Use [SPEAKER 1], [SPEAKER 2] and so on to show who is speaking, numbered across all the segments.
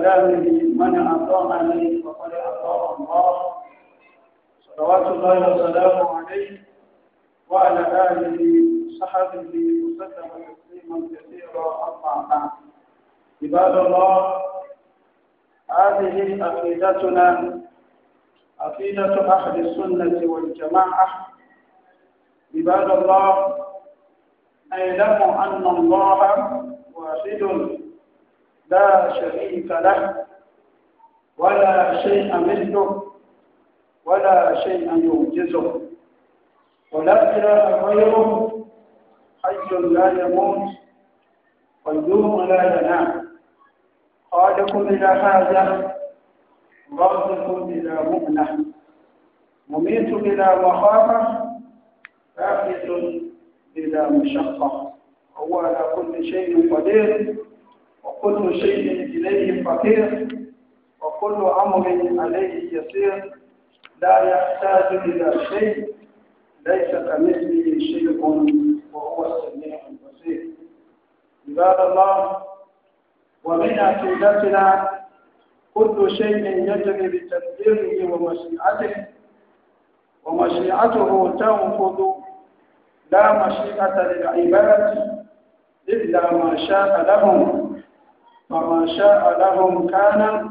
[SPEAKER 1] كلامه من أطاعني فقد أطاع الله صلوات الله وسلامه عليه وعلى آله وصحبه وسلم تسليما كثيرا أما بعد عباد الله هذه عقيدتنا عقيدة أهل السنة والجماعة عباد الله اعلموا أن الله واحد لا شريك له ولا شيء مثله ولا شيء يوجزه ولا إله غيره حي لا يموت قيوم لا ينام خالقكم إلى هذا مرضكم إلى مؤنة مميت بلا مخافة باحث بلا مشقة هو على كل شيء قدير كل شيء إليه فقير وكل أمر عليه يسير لا يحتاج إلى شيء ليس كمثله شيء وهو السميع البصير عباد الله ومن عقيدتنا كل شيء يجري بتدبيره ومشيئته ومشيئته تنفذ لا مشيئة للعباد إلا ما شاء لهم فمن شاء لهم كان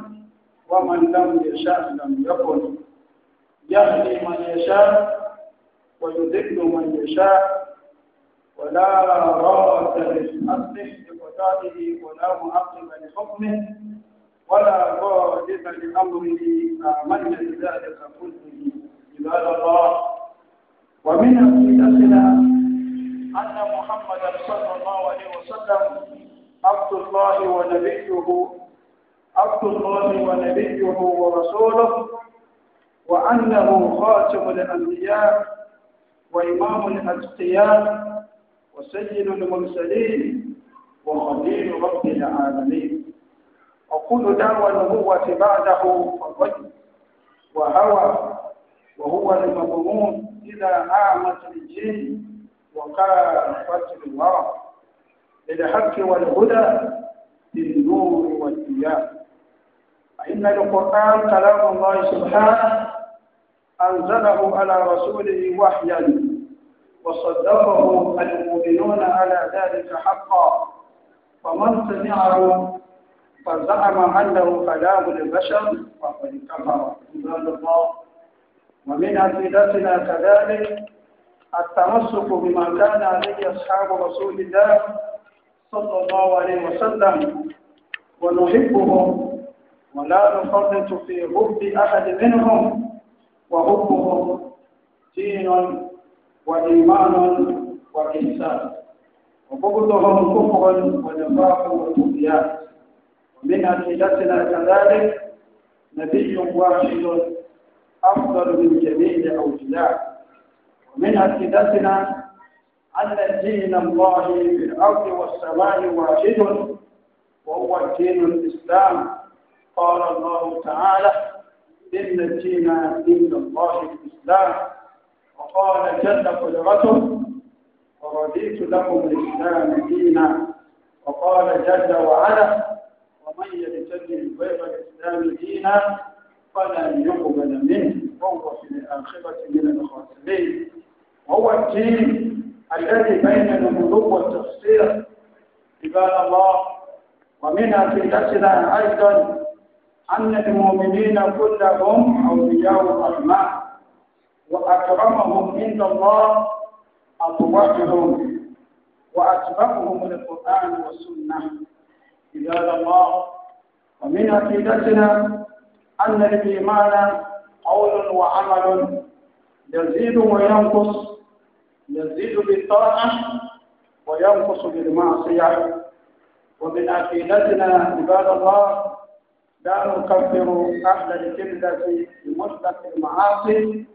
[SPEAKER 1] ومن لم يشاء لم يكن يهدي من يشاء ويذل من يشاء ولا راد لحقه لقضائه ولا معقب لحكمه ولا غالب لامره امن بذلك كله عباد الله ومن عقيدتنا ان محمدا صلى الله عليه وسلم عبد الله ونبيه عبد الله ونبيه ورسوله وأنه خاتم الأنبياء وإمام الأتقياء وسيد المرسلين وخليل رب العالمين وكل دعوى النبوة بعده فالرجل وهوى وهو المظلوم إلى أعمة الجن وكافة الورى للحق والهدى للنور والضياء فإن القرآن كلام الله سبحانه أنزله على رسوله وحيا وصدقه المؤمنون على ذلك حقا فمن سمعه فزعم أنه كلام البشر فقد كفر عباد الله
[SPEAKER 2] ومن أسئلتنا
[SPEAKER 1] كذلك التمسك بما كان عليه أصحاب رسول الله صلى الله عليه وسلم ونحبهم ولا نفرط في حب أحد منهم وحبهم دين وإيمان وإنسان وبغضهم كفر ونفاق وطغيان ومن أسئلتنا كذلك نبي واحد أفضل من جميع أوجداء ومن أسئلتنا أن دين الله في الأرض والسماء واحد وهو دين الإسلام قال الله تعالى إن الدين عند الله الإسلام وقال جل قدرته ورضيت لكم الإسلام دينا وقال جل وعلا ومن يبتغي غير الإسلام دينا فلن يقبل منه وهو في الآخرة من الخاسرين وهو الدين الذي بين الغلو والتفسير عباد الله ومن نفسنا ايضا ان المؤمنين كلهم اولياء الرحمن واكرمهم عند الله اقواتهم واتبعهم القران والسنه عباد الله
[SPEAKER 2] ومن عقيدتنا
[SPEAKER 1] ان الايمان قول وعمل يزيد وينقص يزيد بالطاعة وينقص بالمعصية ومن عقيدتنا عباد الله لا نكفر أهل الكبدة بمطلق المعاصي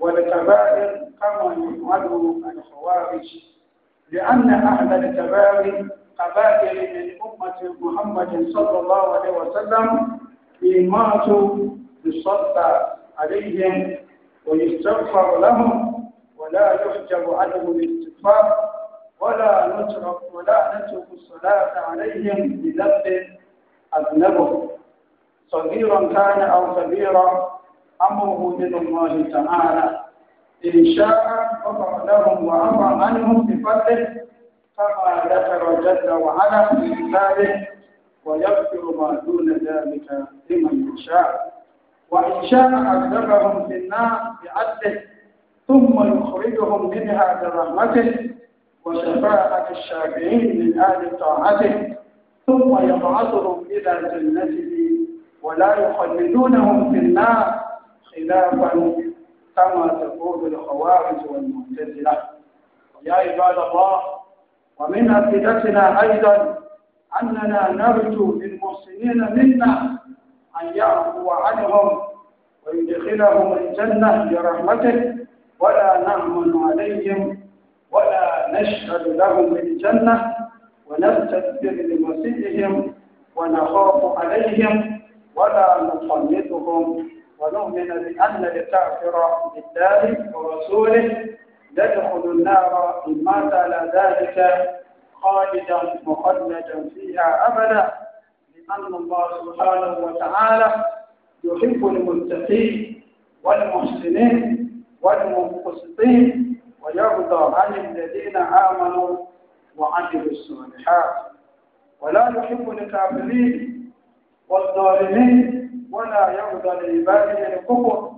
[SPEAKER 1] والكبائر كما يفعل الخوارج لأن أهل الكبائر قبائل من أمة محمد صلى الله عليه وسلم إن ماتوا يصلى عليهم ويستغفر لهم ولا يحجب عنه الاستغفار ولا نترك ولا نترك الصلاة عليهم بذنب أذنبه صغيرا كان أو كبيرا أمره من الله تعالى إن شاء غفر لهم وعفى عنهم بفضله كما ذكر جل وعلا في كتابه ويغفر ما دون ذلك لمن يشاء وإن شاء عذبهم في النار بعدله ثم يخرجهم منها برحمته وشفاعة الشافعين من أهل طاعته ثم يبعثهم إلى جنته ولا يخلدونهم في النار خلافا كما تقول الخوارج والمعتزلة يا عباد الله ومن أفئدتنا أيضا أننا نرجو للمحسنين منا أن يعفو عنهم ويدخلهم الجنة برحمته ولا نعمل عليهم ولا نشهد لهم بالجنة ونستكبر لمسيئهم ونخاف عليهم ولا نقلدهم ونؤمن بأن الكافر لله ورسوله يدخل النار إن مات على ذلك خالدا مخلدا فيها أبدا لأن الله سبحانه وتعالى يحب المتقين والمحسنين والمنقسطين ويرضى عن الذين آمنوا وعملوا الصالحات ولا يحب الكافرين والظالمين ولا يرضى لعباده الكفر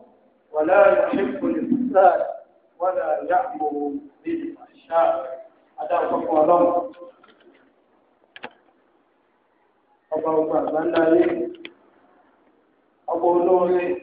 [SPEAKER 1] ولا يحب الفساد ولا يأمر بالفحشاء هذا هو الله ọba ọgbà àgbáńdá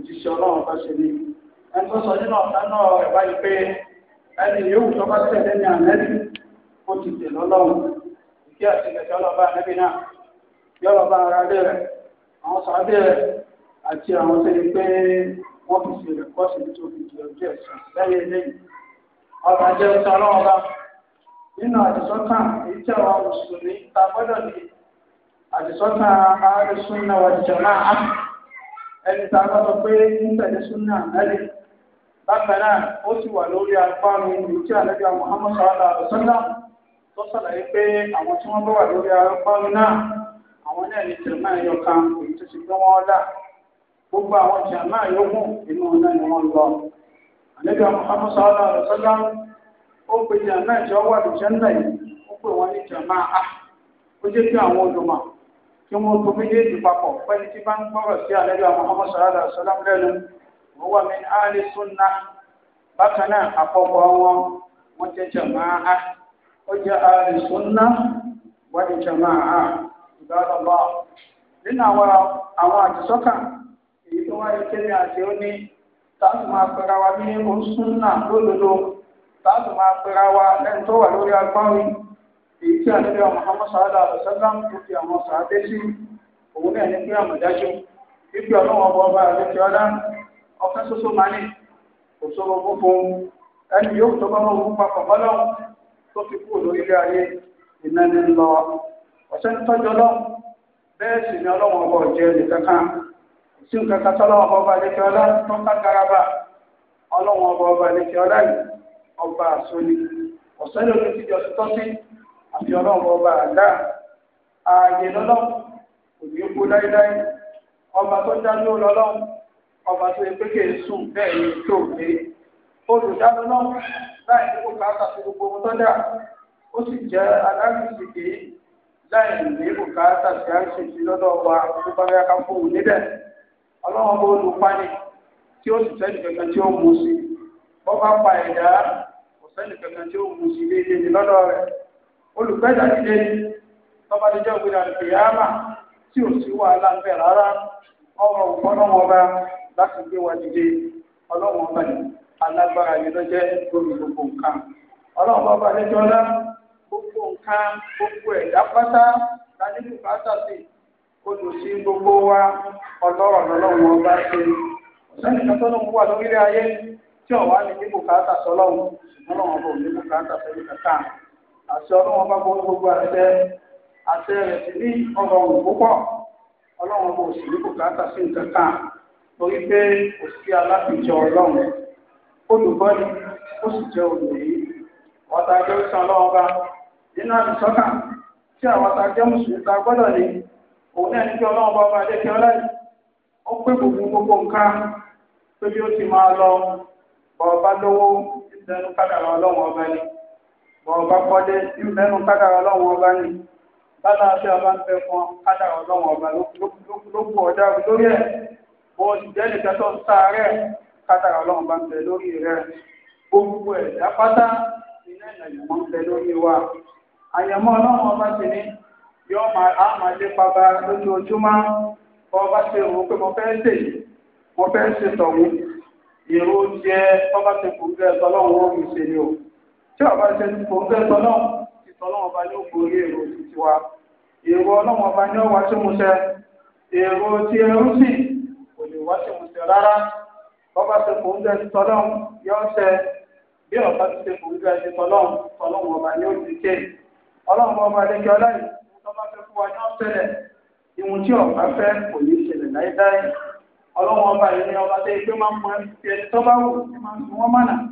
[SPEAKER 1] òjíṣẹ́ ọlọ́run bá ṣe ní ẹni nínú ọ̀tá náà rẹ̀ ẹni yòówù tó bá tẹ̀lé ní ànẹ́bí ó ti tẹ̀ lọ́lọ́run kí àtìlẹ́jọ́ ọlọ́ba ànẹ́bí náà yọ̀rọ̀ ara lé rẹ̀ àwọn sàbẹ̀ rẹ̀ àti àwọn pé wọ́n fi ṣe ọjọ́ ẹ̀sìn lẹ́yìn lẹ́yìn ọba jẹ́ ọ̀tá ọlọ́run bá nínú èyí tí àwọn mùsùlùmí ta gbọ́dọ̀ ní ẹni tá a bá sọ pé ń tẹ̀lé súnà mẹ́lì bákan náà ó sì wà lórí apá mi àlejò Muhammad sallallahu alaihi tó sàlàyé pé àwọn tí wọ́n bá wà lórí apá náà àwọn náà ní èyí tó gbogbo àwọn inú ni wọ́n lọ àlejò ó pe wà yìí ó pè wọ́n ní kí wọ́n tó méjèèjì papọ̀ pẹ́ni tí bá ń gbọ́rọ̀ sí àlẹ́lú àwọn ọmọ sọ̀rọ̀ àṣọlám lẹ́nu wọ́n wà mí áálí súnà bákan náà àkọ́kọ́ wọn wọ́n jẹ́ jàmáà ó jẹ́ áálí súnà wọ́n jẹ́ jàmáà ìbáraọ̀bá nínú àwọn àwọn àdìsọ́kà èyí tó wáyé kéde àti ó wa ní oṣù èyí tí àlejò àwọn Muhammad sallallahu alaihi wasallam tó fi àwọn sàádé sí òun náà ní pé àmọ̀dájú fífi ọlọ́wọ́n ọba soso òṣòro ẹni yóò tó bá wọn tó fi ilé ayé iná ní ń ni ọba ọ̀jẹ́ nìkankan sí nǹkankan tọ́lọ́wọ́n ọba àlejò ọlá tó ń ká garaba ọba ọba àlejò ọdá yìí ọba àti ọlọ́run ọba àdá ààyè lọ́lọ́run òní kú láíláí ọba tó dájú lọ́lọ́run ọba tó pé kè sùn bẹ́ẹ̀ ni tó lé olùdáná náà láì ní kó ká kàtó gbogbo ohun tó dà ó sì jẹ́ aláìsèké láì ní kó ká kàtó àìsèké lọ́dọ̀ wa tó bá yá ká fóun níbẹ̀ ọlọ́run bó lu pani tí ó sì sẹ́ni kankan tí ó mú sí bọ́ pa ẹ̀dá kò sẹ́ni kankan tí ó mú sí déédéé olùgbẹ́jà nílé tọ́ba ti jẹ́ òkúta ìyáàmà tí ò sí wàhálà ń rárá ọmọ ọba láti gbé wa dìde ọba yìí alágbára yìí jẹ́ lórí gbogbo nǹkan ọlọ́wọ́n ọgbọ lẹ́jọ́ ńlá gbogbo nǹkan gbogbo ẹ̀dá pátá pátá sí olùsí gbogbo wa ọlọ́rọ̀ ṣe wà lórílẹ̀ ayé tí ọ̀wá ní bí bùkátà àṣẹ ọlọ́run ọba bọ́ gbogbo àṣẹ àṣẹ rẹ̀ sì ní ọ̀rọ̀ òun púpọ̀ ọlọ́run ọba òsì ní sí nǹkan kan torí pé kò sí alábìjọ ọlọ́run olùgbọ́ni ó sì jẹ́ olùrí ọ̀tá ẹgbẹ́ ọlọ́run ọba nínú àdìsọ́kà tí àwọn mùsùlùmí ta ọba gbogbo gbogbo nǹkan pé bí ó ti máa lọ ọba lówó ọlọ́run ọba wọn ọba kọ́lé mẹ́nu kádàrá ọlọ́run ọba ni bàtà àti ọba ń fẹ́ fún kádàrá ọlọ́run ọba lókù ọjà lórí ẹ̀ mo sì jẹ́ nìkan tó ń sáré kádàrá ọlọ́run bá ń bẹ lórí rẹ̀ gbogbo ẹ̀ dápátá iná ìlànàmọ́ ń bẹ lórí wa àyẹ̀mọ́ ọlọ́run ọba ti ní yọ á máa lépa bá lójoojúmọ́ ọba ṣe òun pé mo fẹ́ ṣe mo fẹ́ ṣe tọ̀hún èrò jẹ́ ọba ṣe kò tí ọba ṣe kò ń fẹ́ tọ́lọ́ ìtọ́lọ́ ọba ní òkú orí èrò títí wa èrò ọlọ́wọ́n ọba ní ọwá tí mo ṣe ọba ṣe ń fẹ́ yọ ṣe ọba ti ṣe kò ń fẹ́ ṣe ọba ní òkú ké ọlọ́wọ́n ọba lẹ́kẹ́ ọláyìí ọba fẹ́ fún wa ní ìwọ̀n tí ọba fẹ́ kò ní ṣẹlẹ̀ ọba yìí ni ọba tẹ́ ẹgbẹ́ máa ń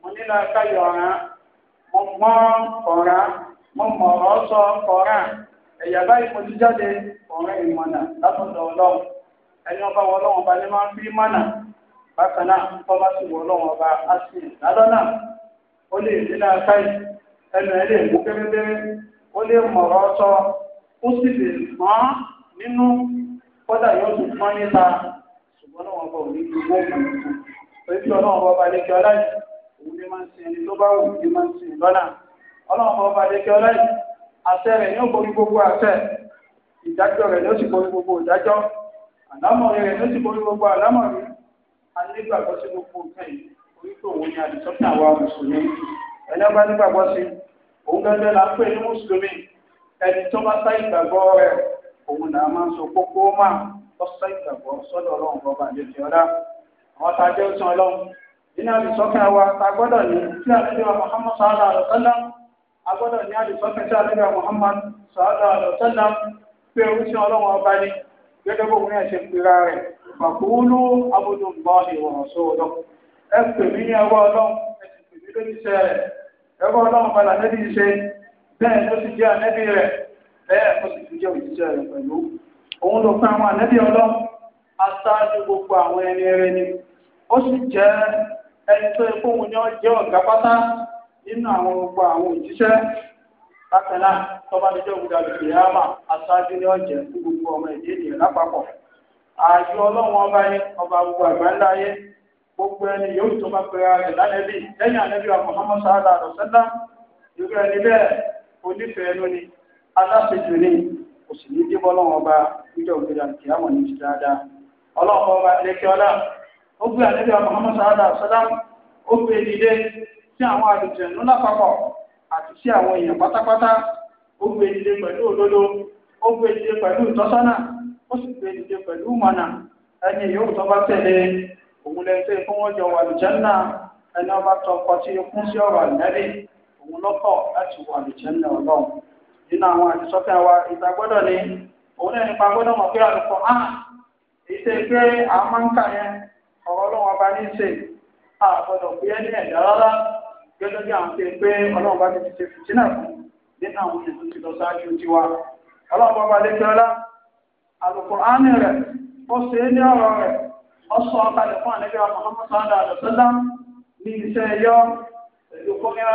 [SPEAKER 1] mọ ẹni mo mọ́ ọ̀rá mo sọ ọ̀rá ẹ̀yà báyìí mo ti jáde ọ̀rẹ́ ìmọ̀nà látọ̀dọ̀ ọlọ́run ẹni ọba wọ ọlọ́run ọba ni máa ń bí mọ́nà bákan náà tó bá sì wọ ọlọ́run ọba ó lè dé náà káyì ẹnu ẹ lè mú ó lè mọ̀rọ̀ sọ ó sì lè mọ́ nínú òun ni máa ń sin ẹni tó bá wù ní máa ń sin ìlọ́nà ọlọ́run ọba àdékẹ́ ọlọ́yìn àṣẹ rẹ̀ ní òkòrí gbogbo àṣẹ ìdájọ́ rẹ̀ ní ó sì borí gbogbo ìdájọ́ àlámọ̀rí rẹ̀ ní ó sì gbogbo àlámọ̀rí anígbàgbọ́ sí gbogbo nǹkan yìí orí tó òun ni mùsùlùmí nígbàgbọ́ sí òun gẹ́gẹ́ la ń pè ní mùsùlùmí ẹni tó bá sá ìgbàgbọ́ rẹ̀ òun là máa ń kókó nínú àdìsọ́kẹ́ wa ta gbọ́dọ̀ ní tí àdìsọ́ Muhammad sallallahu alaihi wasallam a gbọ́dọ̀ ní àdìsọ́kẹ́ tí àdìsọ́ Muhammad sallallahu alaihi wasallam pé oríṣi ọlọ́run ọba ní gẹ́gẹ́ bó wúni ẹ̀ṣẹ̀ pera rẹ̀ fàkúrú abudu bọ́ọ̀lì ìwọ̀n sóòdọ̀ ẹ pè mí ní ẹwọ́ ọlọ́run ẹ sì pè mí lójíṣẹ́ rẹ̀ ẹwọ́ ọlọ́run padà nẹ́bí ṣe bẹ́ẹ̀ ló sì jẹ́ ànẹ́bí rẹ̀ bẹ́ẹ̀ ló sì tún jẹ́ òjíṣẹ́ rẹ̀ pẹ̀lú òun ló pẹ́ àwọn ànẹ́bí ọlọ́run aṣáájú gbogbo ẹni tó ikú mu ni ó jẹ́ ọ̀gá pátá nínú àwọn gbogbo àwọn òjíṣẹ́ bákan tọba níjọ ní jẹ́ òkúta aṣáájú ni ó fún gbogbo ọmọ ìdí ènìyàn lápapọ̀ àjọ ọba yẹn ọba gbogbo yẹn gbogbo ẹni yóò tó lánàbí wa irú ẹni aláṣejù ni kò sì ní ọba òkúta ó gbé àlejò àwọn Muhammad sallallahu alaihi wasallam ó gbé dìde sí àwọn àlùjẹ̀nú lápapọ̀ àti sí àwọn èèyàn pátápátá ó gbé dìde pẹ̀lú òdodo ó gbé dìde pẹ̀lú ìtọ́sọ́nà ó sì gbé dìde pẹ̀lú mọ̀nà ẹni yóò tó bá òun jọ wà ẹni ọba tó sí òun láti wà wa gbọdọ ọ̀rọ̀ ọlọ́run ọba ní ṣe àgbọ̀dọ̀ pé ẹni ẹ̀dá rárá gẹ́gẹ́ bí àwọn pé ọlọ́run bá ti ti ṣe fìtínà fún nínú àwọn ètò ti lọ ọlá àlùkò rẹ̀ ó ṣe é ní ọ̀rọ̀ rẹ̀ ó sọ ọkàlẹ̀ fún ọmọ ọmọ àdọ̀sọ́dá ní iṣẹ́ pẹ̀lú kọ́míra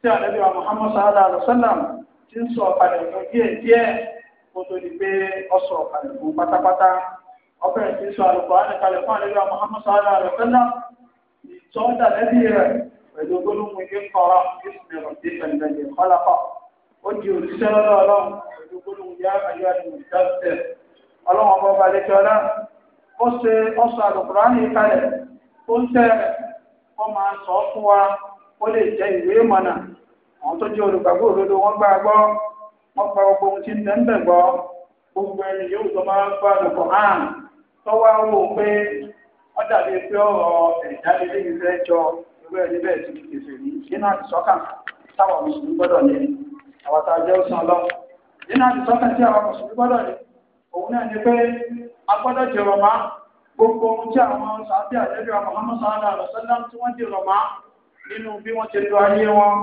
[SPEAKER 1] tí ọmọ ọmọ ọbẹ̀rẹ̀ tí sọ àlùkò ánìkalẹ̀ fún àlejò Muhammad sallallahu alaihi wasallam ìtọ́jà lẹ́bí rẹ̀ pẹ̀lú gbólóhùn ilé kọ́ra ìsìn ẹ̀rọ tí ìfẹ̀lẹ̀lẹ̀ kọ́lápà ó di òṣìṣẹ́ lọ́dọ̀ ọlọ́run pẹ̀lú gbólóhùn yá àyọ̀ àti ìdáṣẹ́ ọlọ́run ọba ọba lẹ́kẹ́ ọlá ó ṣe ọ̀sọ̀ àlùkò ánìkalẹ̀ tó ń tẹ́ ọ máa sọ fún wa ó lè jẹ́ ìwé ìmọ̀nà àwọn tó jẹ́ olùgbàgbọ́ òdodo wọ́n gbà gbọ́ wọ́n pa tí ń tẹ́ ń bẹ̀ gbogbo ẹni yóò tó máa ń gbọ́ àlùkò áàrùn tọ́wọ́ ń wò pé pé ọ̀rọ̀ ẹ̀dáde lébi fẹ́ ìwé ẹni bẹ́ẹ̀ ti pèsè táwọn mùsùlùmí gbọ́dọ̀ ní àwọn òsàn lọ. tí àwọn mùsùlùmí gbọ́dọ̀ ní gbogbo ohun tí àwọn sàbí wa Muhammad sallallahu alaihi wasallam tí wọ́n dì rọ̀má nínú bí wọ́n ti lo ayé wọn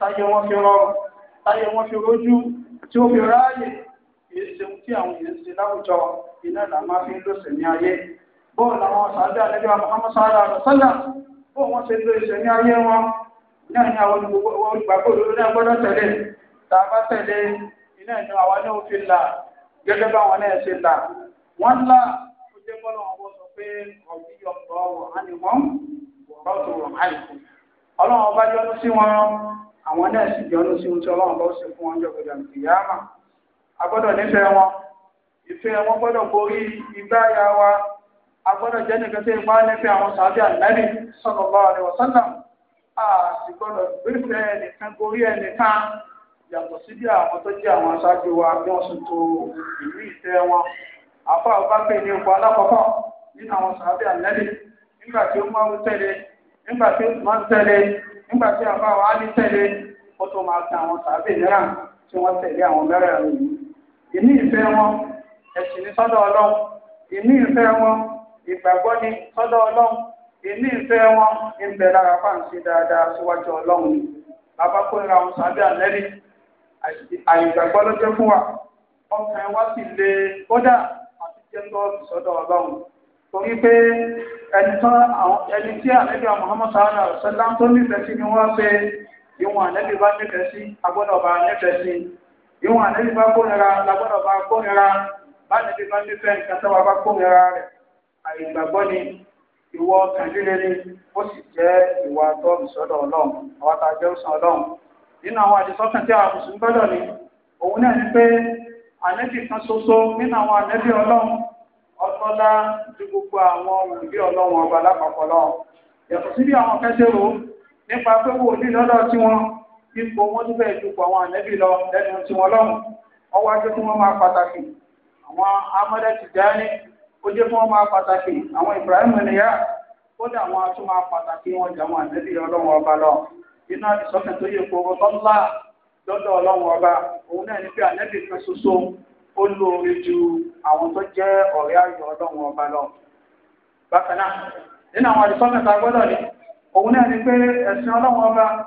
[SPEAKER 1] táyé wọn fi rọrùn wọn fi kì í ṣe ohun tí àwọn èèyàn ṣe láwùjọ iná là máa fi ń lòsè ní ayé bóun làwọn sàádé àlejò àmọ́ sàádé àlọ́sọ́là bóun wọ́n ṣe lo ìṣẹ̀mí ayé wọn náà ní àwọn olùgbàgbọ́ òdodo náà gbọ́dọ̀ tẹ̀lé tá a bá tẹ̀lé iná ìjọ àwọn náà fi là gẹ́gẹ́ báwọn náà ṣe là wọ́n là ó jẹ́ bọ́lá wọn sọ pé ọ̀bí ọ̀tọ̀ ọ̀rọ̀ ànìwọ̀n ọ̀rọ̀ ọ̀rọ̀ àìkú ọlọ́run ọba jọ́nu sí wọn àwọn náà sì jọ́nu sí ohun tí ọlọ́run bá ṣe fún wọn jọ́gbẹ̀dẹ̀ àmì agbọ́dọ̀ nífẹ̀ẹ́ wọn ìfẹ́ wọn gbọ́dọ̀ borí wa agbọ́dọ̀ jẹ́ nìkan tó ipá nífẹ̀ẹ́ àwọn sàbí ànábì sallallahu alaihi wasallam a sì gbọ́dọ̀ gbẹ́fẹ́ ẹnìkan borí ẹnìkan yàtọ̀ sí bí àwọn tó jẹ́ àwọn aṣáájú wa bí wọ́n sì to ìlú ìfẹ́ wọn ní ipò alákọ̀ọ́kọ́ nínú àwọn sàbí nígbà tí ó máa ń tẹ̀lé nígbà tí ó máa ń tẹ̀lé nígbà tí á ìní ìfẹ́ wọn ẹ̀sìn ní sọ́dọ̀ ọlọ́run ìní ìfẹ́ wọn ìgbàgbọ́ ní sọ́dọ̀ ọlọ́run ìní ìfẹ́ wọn ń bẹ lára fáǹsì dáadáa síwájú ọlọ́run ni bàbá kóra àwọn sábẹ́ àlẹ́rí àìgbàgbọ́ ló fún wa ọkàn sì kódà àti sọ́dọ̀ ọlọ́run torí pé ẹni tí Muhammad sallallahu alaihi tó nífẹ̀ẹ́ sí iwu àdébí bá nira làgbọ́dọ̀ bá nira bá níbi bá nífẹ̀ẹ́ nǹkan tó wà bá kórìíra rẹ̀ àìgbàgbọ́ ni ìwọ ni ó sì jẹ́ ìwà tó ìsọdọ̀ ọlọ́run àwọn àtàjẹ́ òsàn ọlọ́run nínú àwọn àdìsọ́kàn tí ni òun náà ni pé kan ṣoṣo nínú àwọn ọtọ́lá ju gbogbo àwọn ọba lápapọ̀ lọ yàtọ̀ sí bí àwọn kẹsẹ̀ pipo wọn níbẹ̀ dupò àwọn ànẹ́bí lọ lẹnu tí wọ́n lọ́hùn wọ́n wá jẹ́ kí máa pàtàkì àwọn amọ́dé Tìjání ó jẹ́ kí máa pàtàkì àwọn Ibrahim kódà wọn a tún máa pàtàkì wọn lọ tó yẹ kó ọba òun náà ní ó ju àwọn tó lọ bákan náà nínú àwọn a ní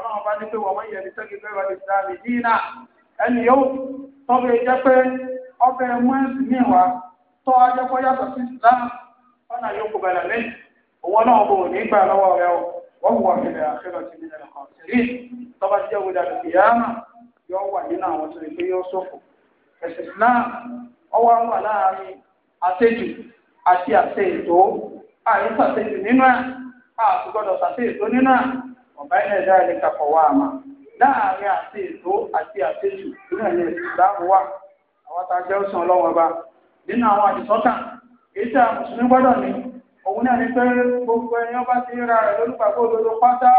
[SPEAKER 1] ọlọ́run bá ní pé wọ́n yẹ ní sẹ́gi fẹ́ wọlé ìsìlámì dínà ẹni yóò tọ́lé jẹ́ pé ọbẹ̀ mú ẹ̀sìn ní ìwà tọ́ ajẹ́kọ́ yàtọ̀ sí ìsìlámì ọ̀nà yóò kó bẹ̀rẹ̀ lẹ́yìn òun ọlọ́run kò ní gbà lọ́wọ́ rẹ o wọ́n wọ ìbẹ̀rẹ̀ àṣẹ́lọ ti nílẹ̀ kan sí tọ́ba jẹ́ dàbí kìyàmà yóò wà nínú àwọn tó lè pé yóò ẹ̀sìn ọwọ́ wà láàárín àṣejù àti àṣe ètò nínú ẹ̀ àti gbọ́dọ̀ ọ̀bá ilẹ̀ dáa lè kakọ̀ wá àmà láàárín àti ètò àti àtẹ̀jù nínú ẹ̀yẹ ìsìláàmù wà àwọn tá a jẹ́ òsàn ọlọ́wọ́n bá nínú àwọn àdìsọ́kà èyí tí a mùsùlùmí gbọ́dọ̀ ní òun náà ní pé gbogbo ẹni ọba ti ra rẹ̀ lórúkọ gbogbo pátá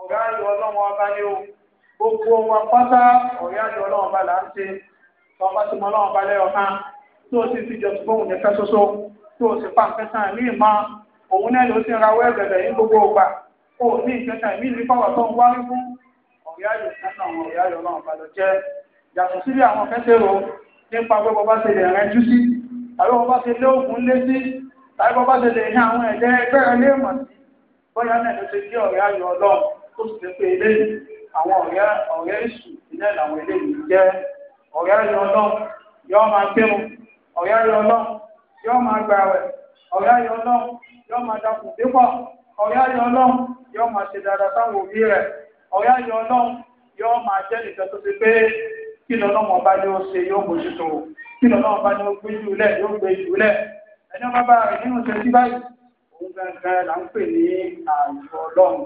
[SPEAKER 1] ọ̀gá ayọ̀ ọlọ́wọ́n ọba ni ó gbogbo wa pátá ọ̀rẹ́ ayọ̀ ọlọ́wọ́n ọba là ń ṣe ọba ti mọ ọlọ́wọ́n ọba lẹ́yọ̀ kan tó o ti fi jọ tún bóun nìkan ṣoṣo tó o sì pa nǹkan sàn ní ìmọ̀ òun náà ló ti ra wẹ́ẹ̀bẹ̀rẹ̀ ní gbogbo ògbà O ní nke ìmí ìlú tó ń wárí fún ọ̀rẹ́ sẹ́nà àwọn náà balọ̀ jẹ́ yàtọ̀ sí bí àwọn kẹsẹ̀rọ nípa pé bọ́bá ṣe lè rẹjú sí tàbí bọ́bá ṣe lé òkun lé sí tàbí bọ́bá ṣe lè ní àwọn lé mọ̀ sí bóyá náà ló ṣe jẹ́ ọlọ́run tó sì ilé àwọn ìṣù làwọn ilé yìí jẹ́ ọlọ́run yóò máa ṣe dáadáa sáwọn òbí rẹ̀ ọ̀yá yọ ọlọ́run yóò máa jẹ́ nìkan tó ti pé kí lọ́nà wọn bá ní ó ṣe yóò mójútó kí lọ́nà wọn bá ní ó gbé jù lẹ̀ yóò gbé jù lẹ̀ ẹni wọn bá rìn nínú ṣe sí báyìí òun gangan là ń pè ní àjọ ọlọ́run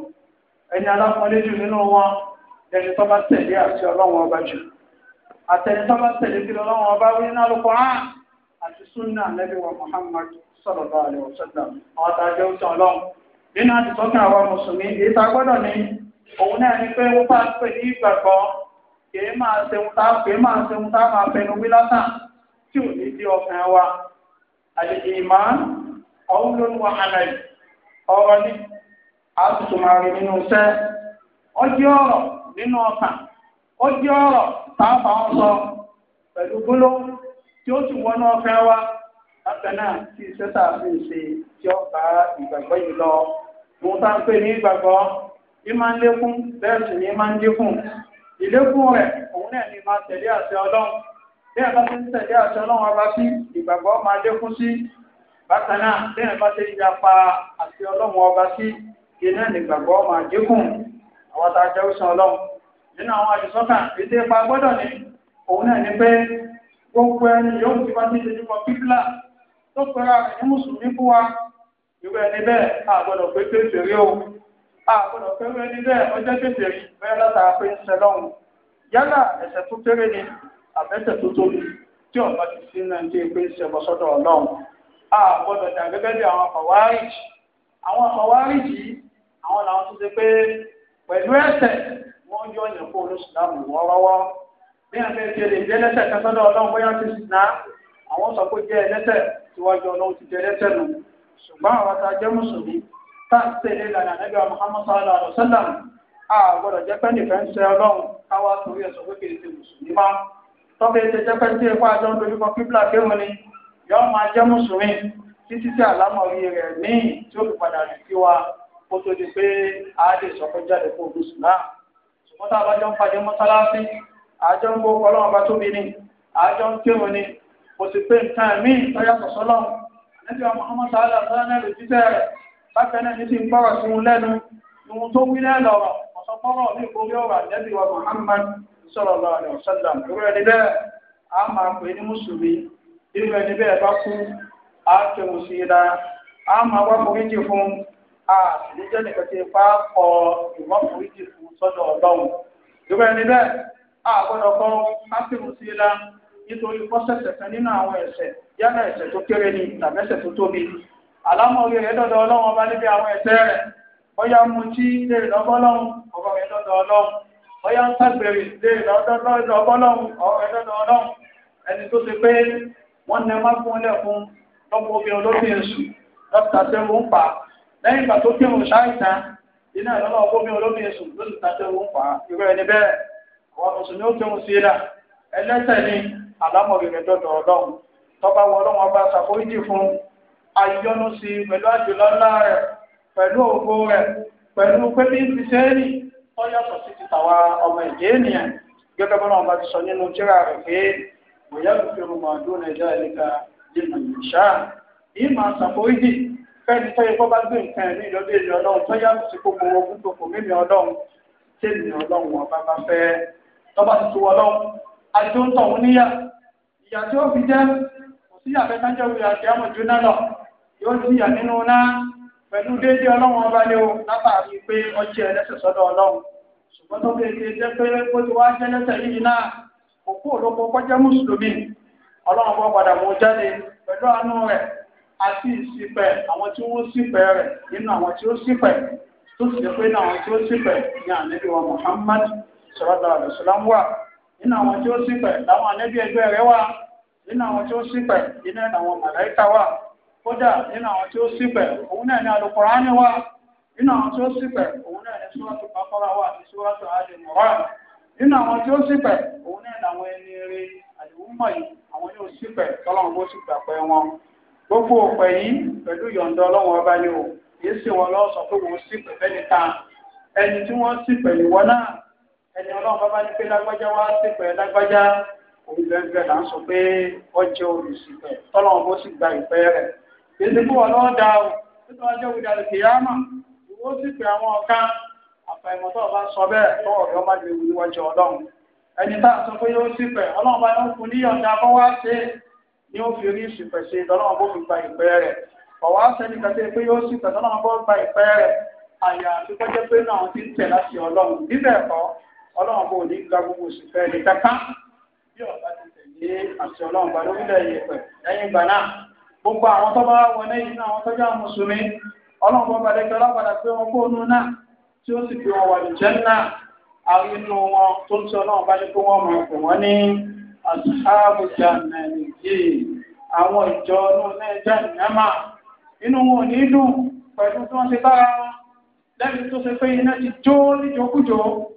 [SPEAKER 1] ẹni alákọ̀ọ́lé jù nínú wọn ẹni tó bá tẹ̀lé àti ọlọ́run ọba jù àtẹni tó bá tẹ̀lé kí lọ́run ọba wí nínú Al-Qur'an àti súnà nẹ́bí wa Muhammad sallallahu alaihi wasallam àwọn tàbí ó tàn ọlọ́run nínú àtìtọ́kùn àwọn mùsùlùmí èyí a gbọ́dọ̀ ní òun náà ni pé wọ́n bá pè ní ìgbàgbọ́ kìí máa ṣeun tá kìí máa ṣeun tá máa fẹnu wí tí ò ní ọkàn wa àlejò ìmọ̀ ọ̀hún ló ń wọ ọ̀rọ̀ ni a nínú iṣẹ́ ó jẹ́ ọ̀rọ̀ nínú ọkàn ń sọ pẹ̀lú wa bákan náà tí iṣẹ́ ṣe tí ó mo ta ń pè ní ìgbàgbọ́ ní máa ń lékún bẹ́ẹ̀ sì ní máa ń dínkù ìlékún rẹ̀ òun náà ni máa tẹ̀lé àṣẹ ọlọ́run bí ẹ̀ bá ti ń tẹ̀lé àṣẹ ọlọ́run ọba sí ìgbàgbọ́ máa lékún sí bákan náà bí ẹ̀ bá ti ń yapa àṣẹ ọlọ́run ọba sí iná nígbàgbọ́ máa dínkù àwọn tá a jẹ́ òṣàn ọlọ́run nínú àwọn àdìsọ́kà ètò ipa gbọ́dọ̀ ni òun náà ni pé gbogbo ẹni yóò ti bá ti dojú kọ kíbílà tó pẹ́ra rẹ̀ mùsùlùmí fún wa irú ẹni bẹ́ẹ̀ àgbọ̀dọ̀ pé pèsè rí òun àgbọ̀dọ̀ pé irú ẹni bẹ́ẹ̀ ọjọ́ pèsè rí bẹ́ẹ̀ látara pé ń ṣe lọ́hùn yálà ẹ̀ṣẹ̀ tó kéré ni àbẹ́ṣẹ̀ tó tóbi tí ọ̀nà ti sí náà ń dé pé ń ṣe bọ́ sọ́dọ̀ ọlọ́run àgbọ̀dọ̀ dà gẹ́gẹ́ bí àwọn àfàwárìjì àwọn àfàwárìjì àwọn làwọn tó ṣe pé pẹ̀lú ẹ̀ṣẹ̀ wọ́n yọ ọ̀yàn fún olùsùlámù wọ́ọ́rọ́wọ́ bí àti ẹ̀jẹ̀ lè jẹ́ lẹ́ṣẹ̀ kan sọ́dọ̀ ọlọ́run bóyá ti sìn náà àwọn sọ pé jẹ́ ẹlẹ́ṣẹ̀ síwájú ọlọ́run ti jẹ́ ẹlẹ́ṣẹ̀ nù ṣùgbọ́n àwọn tá a jẹ́ mùsùlùmí tá a tẹ̀lé Muhammad sallallahu alayhi wa sallam a gbọ́dọ̀ jẹ́ pẹ́ nìfẹ́ ń ṣe ọlọ́run káwá torí ẹ̀sọ́ pé kìí ṣe mùsùlùmí má tọ́kẹ́ ṣe jẹ́ pẹ́ tí epo àjọ ń dojúkọ kíbla kéwọn ni yọ́ máa jẹ́ mùsùlùmí títí tí àlámọ̀ orí rẹ̀ míì tí ó fi padà rìn sí wa kó tó níbi ọmọ ọmọ sàálà sọ́nà rẹ̀ títẹ̀ rẹ̀ bákan náà ní ti ń gbọ́rọ̀ sí wọn lẹ́nu ìwọ̀n tó wí náà lọ̀rọ̀ ọ̀sán gbọ́rọ̀ ní ìkórí ọ̀rọ̀ àjẹ́bí wa Muhammad sallallahu alaihi wasallam irú ẹni bẹ́ẹ̀ a máa pè ní mùsùlùmí irú ẹni bẹ́ẹ̀ bá kú a kẹwù sí i dáa a máa wá foríjì fún a sì ní jẹ́ nìkan ti pa ọ ìwọ́n foríjì fún sọ́dọ̀ ọlọ́run irú ẹni bẹ́ẹ̀ a gbọ́dọ̀ kọ́ a kẹwù sí i dáa nítorí pọ́sẹ̀sẹ̀ kan nínú àwọn ẹ̀ṣẹ̀ yálà ẹ̀ṣẹ̀ tó kéré ni tàbẹ́ṣẹ̀ tó tóbi àlámọ̀rí rẹ̀ dọ̀dọ̀ ọlọ́run ọba níbi àwọn ẹ̀ṣẹ̀ rẹ̀ bóyá mu tí lè lọ́bọ́lọ́run ọ̀rọ̀ rẹ̀ dọ̀dọ̀ ọlọ́run bóyá ń sàgbèrè lè lọ́bọ́lọ́run ọ̀rọ̀ rẹ̀ dọ̀dọ̀ ọlọ́run ẹni tó ti pé wọ́n nẹ má fún lẹ́kùn lọ́pọ̀ obìnrin olóbìnrin sùn dókítà sẹ́wọ̀ ń pa lẹ́yìn ìgbà tó kírun ṣáìtàn iná ìlọ́lọ́ obìnrin olóbìnrin sùn lóṣù tàṣẹ́wọ̀ ń pa irú ẹni bẹ́ẹ̀ àwọn mùsùlùmí ó kírun sí i dà ẹlẹ́sẹ̀ ni àlámọ̀rí rẹ̀ dọ̀dọ̀ ọlọ́run tọ́ba wọn ọlọ́run ọba ṣàforíjì fún ayọ́nú sí pẹ̀lú àjùlọ rẹ̀ pẹ̀lú ògbó rẹ̀ pẹ̀lú pé bí ti ti tàwa ọmọ ìdí ènìyàn gẹ́gẹ́ ọba ti sọ nínú rẹ̀ pé bóyá ọdún nàìjíríà nípa nínú ìṣá fẹ́ni bá gbé nǹkan ẹ̀mí èdè ọlọ́run àjò ń tọ̀hún níyà ìyà tí ó fi jẹ́ kò sí àfẹ́tán àti lọ yóò sì yà nínú náà pẹ̀lú déédé ọlọ́run ọba ní o látàrí pé ọjẹ́ ẹlẹ́sẹ̀ sọ́dọ̀ ọlọ́run ṣùgbọ́n tó jẹ́ pé ó ti wá jẹ́ lẹ́sẹ̀ yìí náà òkú kọjá mùsùlùmí ọlọ́run bọ́ padà mú jáde pẹ̀lú àánú rẹ̀ àti àwọn tí wọ́n rẹ̀ nínú àwọn tí ó tó nínú àwọn tí ó pẹ̀ láwọn anẹ́bí ẹgbẹ́ rẹ wá nínú àwọn tí ó pẹ̀ nínú àwọn màláìka wà kódà nínú àwọn tí ó sípẹ̀ òun náà ní Al-Kùránì wà nínú àwọn tí ó sípẹ̀ òun náà ni Sūratu Baqara wà ní Sūratu Āl-Imrān nínú àwọn tí ó òun náà ẹni eré àdìwúmọ̀ yìí àwọn yóò tọ́lọ́run bó sì gbàpẹ́ wọn gbogbo òpẹ́ yìí pẹ̀lú Ọlọ́run ọba ni kì í sì wọn pé wọ́n fẹ́ni ta ẹni tí wọ́n náà ẹni ọlọ́run bábá ní pé lágbájá wá sípẹ̀ lágbájá òun gbẹ̀ngbẹ̀ là ń sọ pé ọjọ́ olùsìpẹ̀ tọ́lọ́run bó sì gba ìpẹ́ rẹ̀ èsì fún wọn lọ́wọ́ o nítorí ọjọ́ òwúdà lè kìí ìwọ sípẹ̀ àwọn ọ̀ka àfàìmọ̀ tó sọ bẹ́ẹ̀ tó ọ̀dọ́ má lè wúlé wájú ọlọ́run ẹni tá a sọ pé yóò sípẹ̀ ọlọ́run bá yóò fún níyọ̀ǹda kọ́ wá sí ni ó fi rí ìsìpẹ̀ sí ìdọ́lọ́run bó fi gba ìpẹ́ rẹ̀ ọ̀wá sẹ́ni kàtẹ́ pé yóò sípẹ̀ tọ́lọ́run bó gba ìpẹ́ rẹ̀ àyà àfikọ́jẹ́ pé náà ti ń tẹ̀ láti ọlọ́run bíbẹ̀ ẹ̀kọ́ ọlọ́run bò ní gba gbogbo fẹ́ ẹni kankan bí ọba ti tẹ̀lé àti ọlọ́run bá lórílẹ̀ yìí náà gbogbo àwọn tó bá wọlé yìí náà àwọn tọ́jú àwọn mùsùlùmí ọlọ́run bọ́ balẹ̀ pé wọn kó nu náà tí ó sì fi wọn wà náà àwọn inú wọn tó ń ọlọ́run bá ní kó wọn mọ̀ pé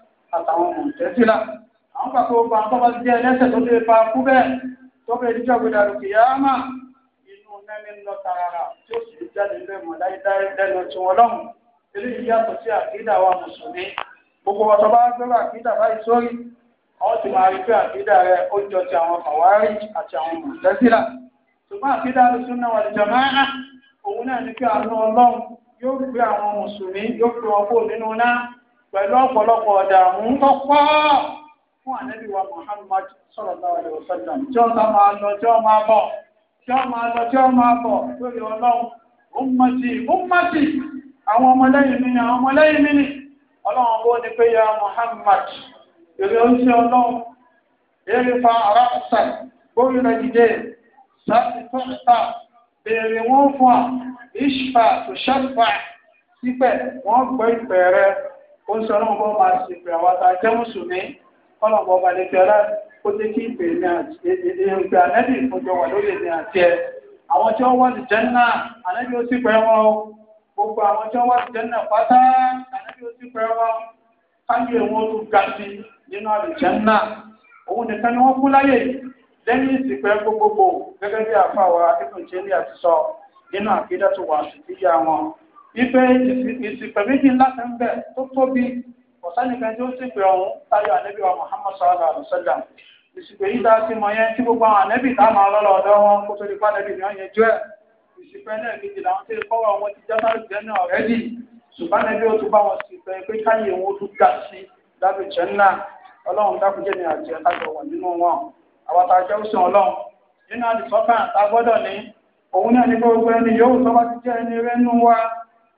[SPEAKER 1] àtàwọn mọ̀tẹ́sílà àwọn pàtó gba tọ́ba ti jẹ́ ẹlẹ́sẹ̀ tó lè fa kú bẹ́ẹ̀ tọ́ba yá inú lọ tààrà tí ó sì jáde lẹ́nu tí wọ́n sí àkídà wa mùsùlùmí gbogbo gbẹ́rọ àkídà àwọn ti máa rí pé àkídà rẹ ó jọ ti àwọn kàwárí àti àwọn ṣùgbọ́n àkídà náà wà òun náà ní pẹ̀lú ọ̀pọ̀lọpọ̀ ọ̀dààmú tọ́pọ̀ fún ànẹ́bí wa Muhammad sallallahu alaihi wasallam tí ó sá máa lọ tí ó máa bọ̀ tí ó máa lọ tí ó máa bọ̀ lórí ọlọ́run ummati Muhammad èrè oṣù ọlọ́run èrè fa aráàsà gbórí rẹ̀ dìde sáàtì tọ́ta béèrè wọn fún à ìṣfà tó ṣàfà síbẹ̀ ó ń sọ ọlọ́run bọ́ máa ṣe pé àwọn àtàwọn jẹ́ mùsùlùmí ọlọ́run bọ́ máa lè fi ọlá ó ti kí ìpè mi àti e, e, e, ìpè ànẹ́bì ìfúnjọ wà lórí mi àti ẹ àwọn tí wọ́n wà ní jẹ́nà ànẹ́bì ó sì pẹ́ wọn gbogbo àwọn tí wọ́n wà ní jẹ́nà pátá ànẹ́bì ó sì pẹ́ wọn kájú ìwọ̀n tó ga sí nínú àlùjẹ́nà òun nìkan ni wọ́n kú láyè lẹ́yìn ìsìnkẹ́ gbogbogbò gẹ́gẹ́ bí àfàwà ẹ̀kùnjẹ́ ní àtisọ́ nínú àkídàtúwà àti ibẹ̀ ìsìnkú méjì ńlá kan ń bẹ̀ tó tóbi ọ̀sánìkan tí ó sì pé ọ̀hún táyọ̀ ànẹ́bí wa Muhammad sallallahu alaihi wa sallam ìsìnkú yìí dá sí mọ yẹn tí gbogbo àwọn ànẹ́bí tá a máa lọ́lọ́ ọ̀dọ́ wọn kó tó di pa ànẹ́bí ni wọ́n yẹn jẹ́ ìsìnkú ẹlẹ́ẹ̀kejì làwọn tí kọ́wọ́ àwọn ti já sáré jẹ́ náà rẹ́dì ṣùgbọ́n ànẹ́bí ó tún bá wọn sì pé pé káyé wọn ó tún ga sí lábẹ́ jẹ́ ńlá ni àti ẹ̀kájọ wà nínú wọn àwọn tá a náà ní gbogbo ẹni yòówù tó bá ti jẹ́ ẹni rẹ́nu wa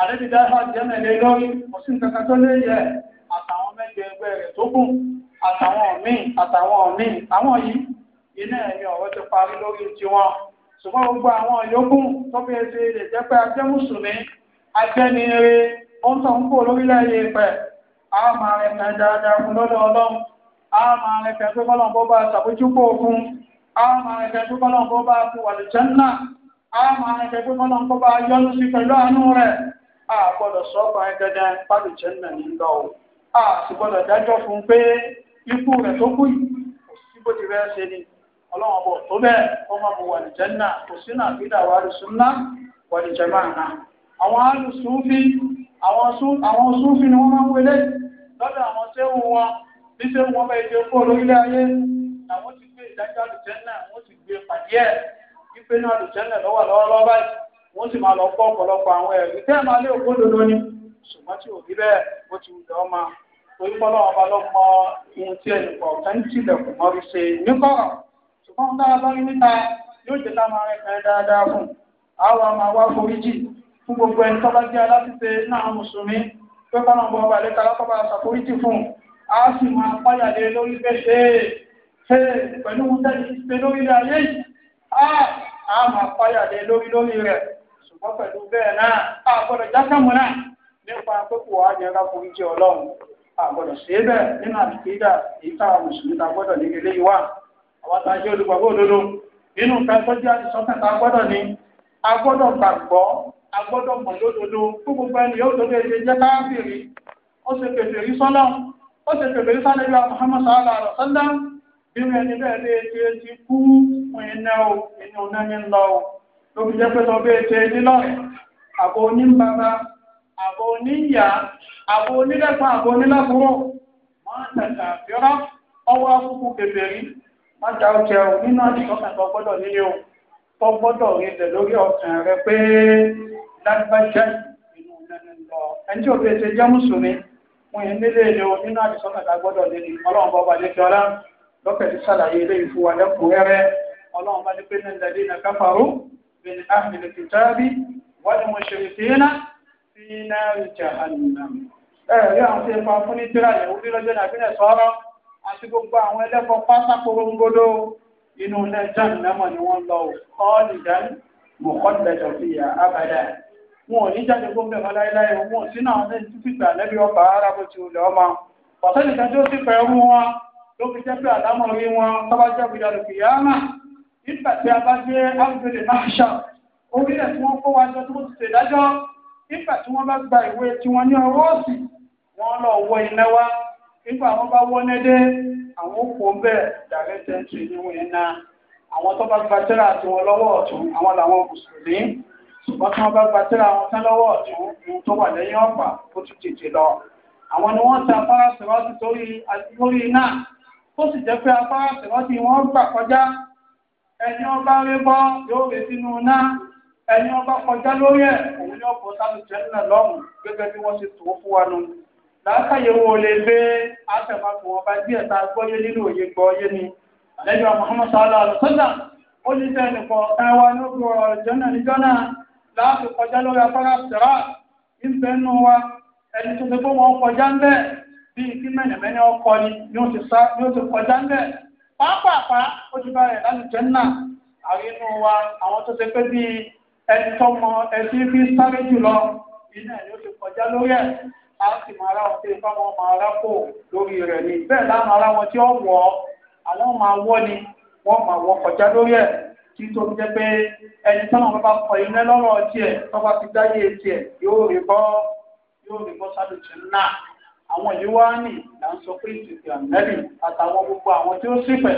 [SPEAKER 1] àrẹ́bí dáhà jẹ́mẹ̀lẹ́ lórí òsín kankan tó lé yẹ àtàwọn mẹ́jọ ẹgbẹ́ rẹ̀ tó kù àtàwọn míì àtàwọn míì àwọn yìí iná ẹ̀mí ọ̀rọ̀ ti parí lórí tiwọn ṣùgbọ́n gbogbo àwọn yòókù tó fi ṣe lè jẹ́ pé ajẹ́ mùsùlùmí ajẹ́ ni eré ohun tó ń kó lórílẹ̀ yìí pẹ̀ a máa rẹ̀ kàn dáadáa fún lọ́dọ̀ kọ́lọ̀ bó bá bá yọ́nú sí pẹ̀lú àánú rẹ̀ a gbọ́dọ̀ sọ ọkùnrin dandan pálí jẹ́nà ní lọ o a sì gbọ́dọ̀ dájọ́ fún pé ikú rẹ̀ tó kú yìí kò sí bó ti rẹ́ ṣe ni ọlọ́run bọ̀ tó bẹ́ẹ̀ ó máa mú wà ní jẹ́nà kò sí náà bí dàwa alùsùn ńlá wà ní jẹ́mà náà àwọn alùsùn fi àwọn sùn fi ni wọ́n máa ń wọlé lọ́dọ̀ àwọn sẹ́wù wọn bí sẹ́wù wọn bá ìjọ kó lórílẹ̀ ayé àwọn ti gbé ìdájọ́ àlùjẹ́nà wọ́n ti gbé pàdé ẹ̀ wípé náà àlùjẹ́nà lọ́wọ́ báyìí wọ́n sì máa lọ fọ́ ọ̀pọ̀lọpọ̀ àwọn ẹ̀rí tẹ́ máa lé òkú dodo ni ṣùgbọ́n tí òbí bẹ́ẹ̀ ó ti wùdọ̀ ma torí bọ́lá ọba lọ mọ ohun tí ẹnì kọ̀ọ̀kan ń tilẹ̀kùn mọ́rí ṣe níkọ̀rọ̀ ṣùgbọ́n lọ́rí níta yóò jẹ́ ará dáadáa fún àwọn ọmọ gbogbo ẹni jẹ́ náà mùsùlùmí pé ọba lọ́kọ́ba a sì máa pààyà lé lórí pé ṣe é pẹ̀lú ohun lórí ilé ayé yìí a máa lé lórí lórí ṣùgbọ́n pẹ̀lú bẹ́ẹ̀ náà a gbọ́dọ̀ jákàmù náà nípa pípò àjẹrà foríjì ọlọ́run a gbọ́dọ̀ ṣe é bẹ́ẹ̀ nínú àdìkídà èyí mùsùlùmí ta gbọ́dọ̀ ní ilé ìwà àwọn tá a jẹ́ olùgbàgbọ́ òdodo nínú ta gbọ́dọ̀ ní gbàgbọ́ fún gbogbo ló fi jẹ́ pé lọ bẹ́ẹ̀ tẹ nílọ́rẹ̀ àbò onímbàbà àbò oníyà àbò onílẹ̀kùn àbò onílẹ̀kùnrò máa tẹ̀sà fíọ́rá ọwọ́ akúkú kẹfẹ́rí má já ọ jẹ òun nínú àdìsọ́kàn tó gbọ́dọ̀ nílé o tó gbọ́dọ̀ rí tẹ̀ lórí ọkàn rẹ pé lágbájá inú nẹ́nu lọ ẹni tí òbí ṣe jẹ́ mùsùlùmí wọn yẹn nílé ilé o nínú àdìsọ́kàn tó gbọ́dọ̀ nílé ọlọ́run bọ́ba lẹ́kẹ́ọ́lá lọ́kẹ̀ẹ́ ti ṣàlàyé ilé ìfowópamọ́ ẹ̀kúnrẹ́rẹ́ ọlọ́run bá ní pé ní ìdàdí ìnà káfàrú من أهل الكتاب والمشركين في نار جهنم ẹ̀rí àwọn tí ipa fún ní tíra yẹ̀wò bí lọ́jọ́ nàbí nẹ̀ sọ́rọ́ àti gbogbo àwọn ẹlẹ́kọ̀ọ́ pátákóróńgódó inú ilẹ̀ jahannama ni wọ́n lọ ọ́ọ̀lìdán mọ̀kọ́lẹ̀dọ̀ fi yà ábàdà nígbà tí a bá dé áwùjọ́lẹ̀ máṣá orílẹ̀ tí wọ́n kó wa jọ tí wọ́n ti ṣèdájọ́ nígbà tí wọ́n bá gba ìwé tí wọ́n ní ọwọ́ òsì wọ́n lọ wọ iná wá nígbà wọ́n bá wọ́n nẹ́dẹ́ àwọn òkú bẹ́ẹ̀ direct entry ni wọ́n iná àwọn tó bá gba tẹ́lá tí wọ́n lọ́wọ́ ọ̀tún àwọn làwọn mùsùlùmí ṣùgbọ́n tí wọ́n bá gba tẹ́lá wọn tán lọ́wọ́ ọ̀tún ohun tó wà lẹ́yìn ọ̀pá ó tún tètè lọ àwọn ni wọ́n ta afárá sèwádìí lórí iná tó sì jẹ́ pé afárá sèwádìí wọ́n gbà kọjá ẹni ọba rí yóò sínú ẹni ọba kọjá lórí ẹ̀ òun ni ọkọ̀ jẹ́nà gẹ́gẹ́ bí wọ́n fún wa nù. wo lè gbé ọba díẹ̀ tá a nínú òye ni ó ní sẹ́ ẹnìkan ẹwà ní ó gbọ́ jẹ́nà láàfin kọjá lórí afárá sẹ́rà ìfẹ́ nù wa ẹni tó ti kọjá ń bẹ́ẹ̀ bíi kí mẹ́nẹ̀mẹ́nẹ́ ọkọ ni yóò ti kọjá ń bẹ́ẹ̀ pápápá ó ti bá rẹ̀ lálùjẹ́ náà àrínú wa àwọn tó ṣe pé bí ẹni tó mọ ẹbí fi sáré jùlọ iná ẹ̀ ló ti kọjá lórí ẹ̀ á sì máa ra wọn tí ipá wọn máa rákò lórí rẹ̀ ni bẹ́ẹ̀ láwọn ará wọn tí ó wọ̀ ọ́ àwọn máa wọ́ ni wọ́n máa wọ́ kọjá lórí ẹ̀ kí tó fi jẹ́ pé ẹni tọ́nà bá bá kọ iná lọ́rọ̀ tiẹ̀ tó bá fi dáyé tiẹ̀ yóò rí bọ́ yóò rí bọ́ sálùjẹ́ náà àwọn yìí wá nì là ń sọ pé ìsìnkú àmẹ́lì àtàwọn gbogbo àwọn tí ó sípẹ̀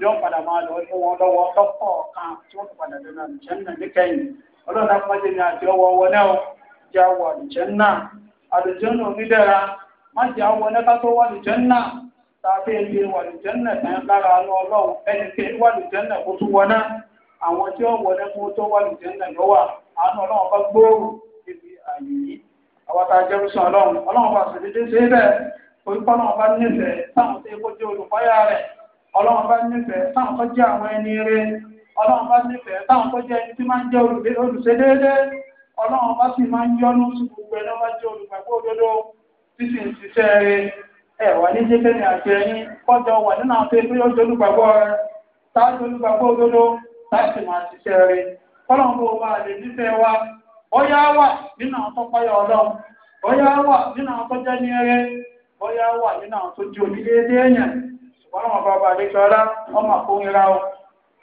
[SPEAKER 1] yóò padà máa lọ ní wọn lọ́wọ́ lọ́pọ̀ kan tí wọ́n padà dé náà lùjẹ́ náà níkẹyìn ọlọ́run àpọ́njẹ ni àti ọwọ́ ọwọ́ náà jẹ́ àwọ̀ àlùjẹ́ náà àlùjẹ́ náà onídẹ̀ra má jẹ́ àwọ̀ náà ká tó wà lùjẹ́ náà tàbí ẹni wà lùjẹ́ náà tán lára àánú ọlọ́run ẹni pé wà lùjẹ́ náà kó tún wọná àwọn tí ó wọlé tó wà lùjẹ́ náà lọ́wọ́ àánú ọlọ́run bá gbóòrò níbi àyè yìí àwọn tá a jẹ́ rúṣọ ọlọ́run ọlọ́run bá dédé ṣe bẹ́ẹ̀ orúkọ ọlọ́run bá nífẹ̀ẹ́ táwọn tó yẹ jẹ́ olùkọ́yà rẹ̀ ọlọ́run bá nífẹ̀ẹ́ táwọn tó jẹ́ àwọn ẹni rẹ̀ ọlọ́run bá nífẹ̀ẹ́ táwọn tó jẹ́ ẹni tí máa ń jẹ́ olùṣe déédé ọlọ́run bá sì máa ń gbogbo bá jẹ́ olùgbàgbọ́ òdodo títí ń ṣiṣẹ́ ọya wà nínú àwọn tó páyà ọlọ́run bọ́yá wà nínú wa, tó jẹ́ ní ẹrẹ́ ọya wà nínú àwọn tó jẹ́ onídéédé èèyàn ṣùgbọ́n àwọn bàbá àdékọ́lá ọmọ àkóyinra o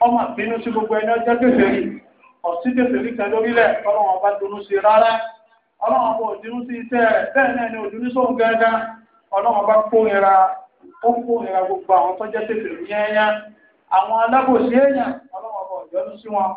[SPEAKER 1] ọmọ àbínú sí gbogbo ẹni ọjọ́ kẹfẹ́rì ọ̀sí kẹfẹ́rì dunú sí rárá sí iṣẹ́ rẹ̀ bẹ́ẹ̀ náà ni ọba ó gbogbo àwọn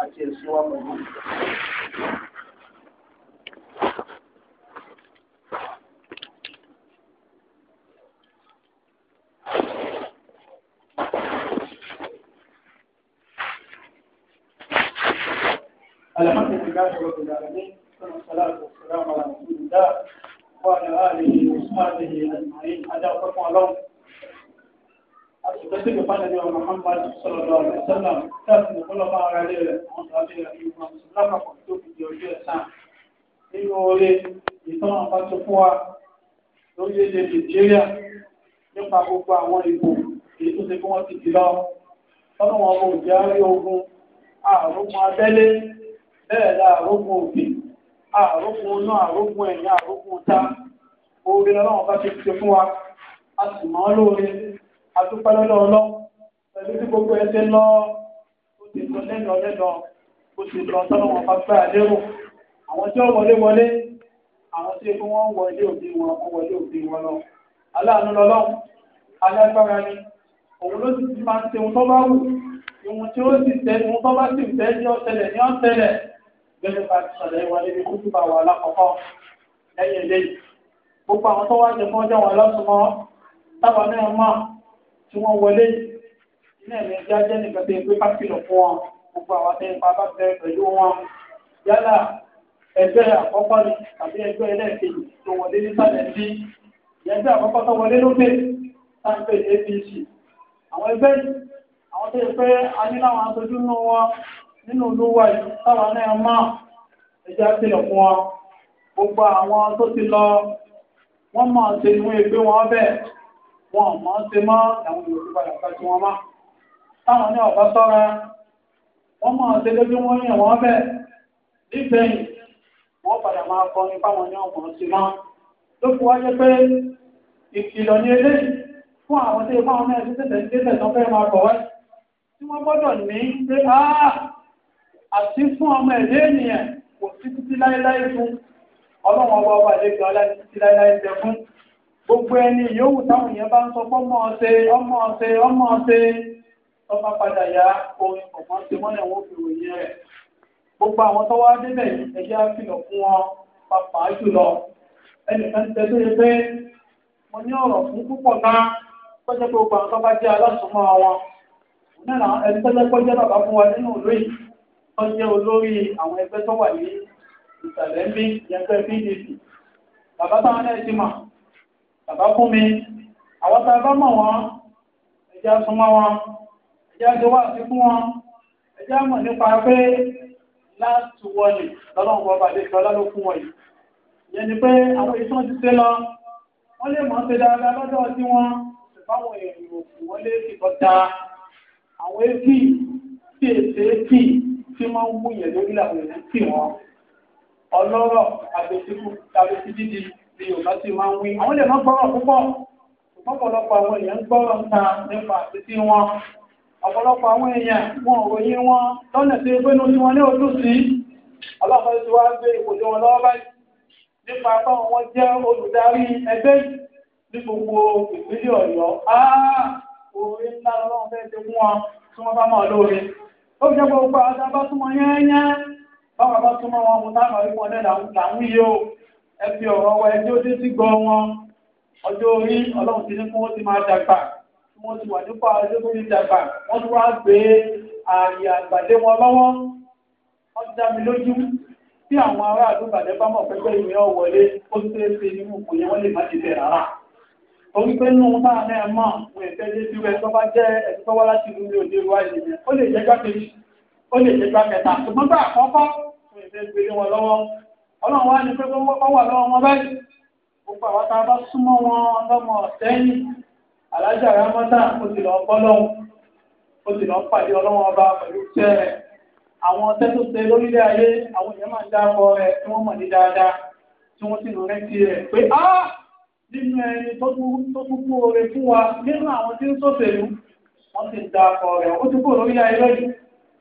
[SPEAKER 1] a ce suwa mai الحمد لله رب العالمين والصلاة والسلام على رسول الله وعلى آله وصحبه أجمعين أدعوكم الله ṣùgbọ́n tí kò bá nàbí ọmọ Muhammad sọ̀rọ̀ lọ rẹ̀ sọ́nà tẹ́sí ìpínlẹ̀ bá ara rẹ̀ rẹ̀ wọ́n sọ abẹ́rẹ́ ìmọ̀ lápapọ̀ tó fi di ọjọ́ ẹ̀sán nínú orí ìtàn àpàtó fún wa lórílẹ̀-èdè Nàìjíríà nípa gbogbo àwọn ìbò èyí tó ṣe kí wọ́n ti dì lọ tọ́nà wọn kò jẹ́ àárí ogun àrógun abẹ́lé bẹ́ẹ̀ la àrógun òkè àrógun iná àrógun ẹ̀yìn àrógun ta oore lọ́wọ́n bá ti ṣe fún wa a sì mọ́ lóore àtúpẹ́ lọ́dọ̀ ọlọ́ pẹ̀lú tí gbogbo ẹ ti lọ ó ti lọ lẹ́nà lẹ́nà ó ti lọ sọ́nà wọn bá gbé àlérò àwọn tí wọ́n wọlé wọlé àwọn tí ebi wọn wọlé òbí wọn wọn wọlé òbí wọn lọ aláàánú lọ́lọ́ alágbára ni òun ló sì ti máa ń ṣe ohun tó bá wù ìwọ̀n tí ó sì tẹ́ ohun tó bá sì tẹ́ ní ọ̀tẹlẹ̀ ní ọ̀tẹlẹ̀ gẹ́gẹ́ bá ti sọ̀rọ̀ ìwà níbi kó túbà wà lákọ̀ọ́kọ́ lẹ́yìn eléyìí gbogbo àwọn tó wá jẹ fún ọjọ́ wọn lọ́sùn mọ́ táwọn náà mọ̀ tí wọ́n wọlé iná ẹ̀mí ẹja jẹ́ nìkan tó yẹ pé kápìlọ̀ fún wọn gbogbo àwọn tẹ́ ipa bá bẹ̀rẹ̀ pẹ̀lú wọn yálà ẹgbẹ́ àkọ́kọ́ ni tàbí ẹgbẹ́ ẹlẹ́ẹ̀kejì tó wọlé nísàlẹ̀ sí ẹgbẹ́ àkọ́kọ́ tó wọlé lókè sáńpẹ̀ APC àwọn ẹgbẹ́ àwọn tó yẹ pé a ní láwọn aṣojú nínú wọn nínú ìlú wa yìí táwọn náà máa ẹja pìlọ̀ fún wọn gbogbo àwọn tó ti lọ wọ́n máa ṣe ìwé ìgbé wọn bẹ́ẹ̀ wọn ò mọ̀ ṣe mọ́ àwọn yòókù padà ká tí wọ́n má. táwọn ní ọ̀bá sọ́ra wọ́n mọ̀ ṣe lójú wọn yàn wọ́n bẹ̀ nígbẹ̀yìn wọ́n padà máa kọrin fáwọn ní ọ̀pọ̀ ṣe mọ́. ló fi wáyé pé ìkìlọ̀ ní eléyìí fún àwọn tí fáwọn náà ti tẹ̀sẹ̀ tẹ̀sẹ̀ tó fẹ́ máa kọ̀wé tí wọ́n gbọ́dọ̀ ní pé àti fún ọmọ ẹ̀dẹ́ ènìyàn kò sí títí láéláé fún ọlọ́run ọba ọba àlejò gbogbo ẹni yòówù táwọn èèyàn bá ń sọ pé ọmọ ọ̀sẹ̀ ọmọ ọ̀sẹ̀ ọmọ ọ̀sẹ̀ ọmọ padà yá orin kọ̀ọ̀kan ti wọ́n lẹ̀ wọ́n fi ròyìn rẹ̀ gbogbo àwọn tó wá débẹ̀ ẹ̀jẹ̀ á fi lọ fún wọn pàápàá jùlọ ẹnìkan tẹ tó yẹ pé mo ní ọ̀rọ̀ fún púpọ̀ náà kọjá pé gbogbo àwọn tó bá jẹ́ alásùnmọ́ wọn náà ẹni tó jẹ́ kọjá bàbá fún wa nínú ìlú yìí tó jẹ́ olórí àwọn ẹgbẹ́ tó wà ní ìsàlẹ̀ ń bí ìyẹn pé pdp bàbá táwọn náà ti mọ̀ bàbá fún mi àwọn tá a bá mọ̀ wọ́n ẹja súnmọ́ wọn ẹja jọ wá sí fún wọn ẹja mọ̀ nípa pé láti wọlé lọ́lọ́run bọ́ba àdéhùn ọlọ́run fún wọn yìí ìyẹn ni pé àwọn èyí tí wọ́n ti ṣe lọ wọ́n lè mọ̀ ṣe dáadáa lọ́dọ̀ tí wọ́n ṣùgbọ́n èèyàn òkú wọ́n lè fi kọjá àwọn èkì tí èsè èkì tí wọ́n ń mú lórí làwọn èèyàn tì ọlọ́rọ̀ àbẹ̀síkú àbẹ̀sídídì tí Yorùbá sì máa ń wí àwọn lè má gbọ́rọ̀ púpọ̀ ọ̀pọ̀lọpọ̀ àwọn èèyàn ń gbọ́rọ̀ ń ta nípa àtìtì wọn ọ̀pọ̀lọpọ̀ àwọn èèyàn wọn ò ròyìn wọn lọ́nà tí ó gbénú sí wọn ní ojú sí ọlọ́pàá ti wá gbé ipò tí wọn lọ́wọ́ báyìí nípa báwọn wọn jẹ́ olùdarí ẹgbẹ́ ní gbogbo ìpínlẹ̀ Ọ̀yọ́ áá orí ńlá lọ́wọ́ fẹ́ ti mú wọn tí wọ́n bá mọ̀ lóore ó jẹ́ gbogbo àwọn tá a bá túmọ̀ yẹ́nyẹ́ báwọn bá túmọ̀ wọn mú táwọn àríwọ̀n náà làwọn o ẹ fi ọ̀rọ̀ wa ẹjọ́ dé sí gbọ́ wọn ọjọ́ orí ọlọ́run ti ní kí wọ́n ti máa dàgbà kí wọ́n ti wà nípa ọjọ́ tó ti dàgbà wọ́n ti wá gbé ààyè àgbàdé wọn lọ́wọ́ wọ́n ti dá mi lójú tí àwọn ará àdúgbàdé bá mọ̀ pẹ́pẹ́ ìwé ọ̀wọ́lé ó ṣe é ṣe nínú kò yẹ wọ́n lè má ti bẹ̀ rárá torí pé nínú náà náà mọ̀ wọ́n ẹ̀fẹ́ dé sí rẹ̀ tó bá jẹ́ ẹ̀sùn wá láti ìlú ní òde ìwà ìlú ó lè jẹ́ gbá ó lè jẹ́ gbá ṣùgbọ́n gbà àkọ́kọ́ wọ́n ẹ̀fẹ́ gbé wọn lọ́wọ́ ọlọ́run wá ní pé wọ́n wà lọ́wọ́ wọn báyìí gbogbo àwọn tá a bá súnmọ́ wọn lọ́mọ ọ̀sẹ́yìn
[SPEAKER 2] alájà ramọ́tà
[SPEAKER 1] ó ti lọ bọ́ lọ́hùn ó ti lọ pàdé ọlọ́wọ́n ọba pẹ̀lú tẹ́ rẹ̀ àwọn ọtẹ́ tó ṣe lórílẹ̀ ayé àwọn èèyàn máa ń dáàbọ̀ rẹ̀ tí wọ́n mọ̀ ní dáadáa tí wọ́n sì lọ rẹ́tí rẹ̀ pé á nínú ẹni tó tún kú oore fún wa nínú àwọn tí ń sọ̀tẹ̀lú wọ́n ti dáàbọ̀ rẹ̀ ó ti kú lórílẹ̀ ayé lọ́yìn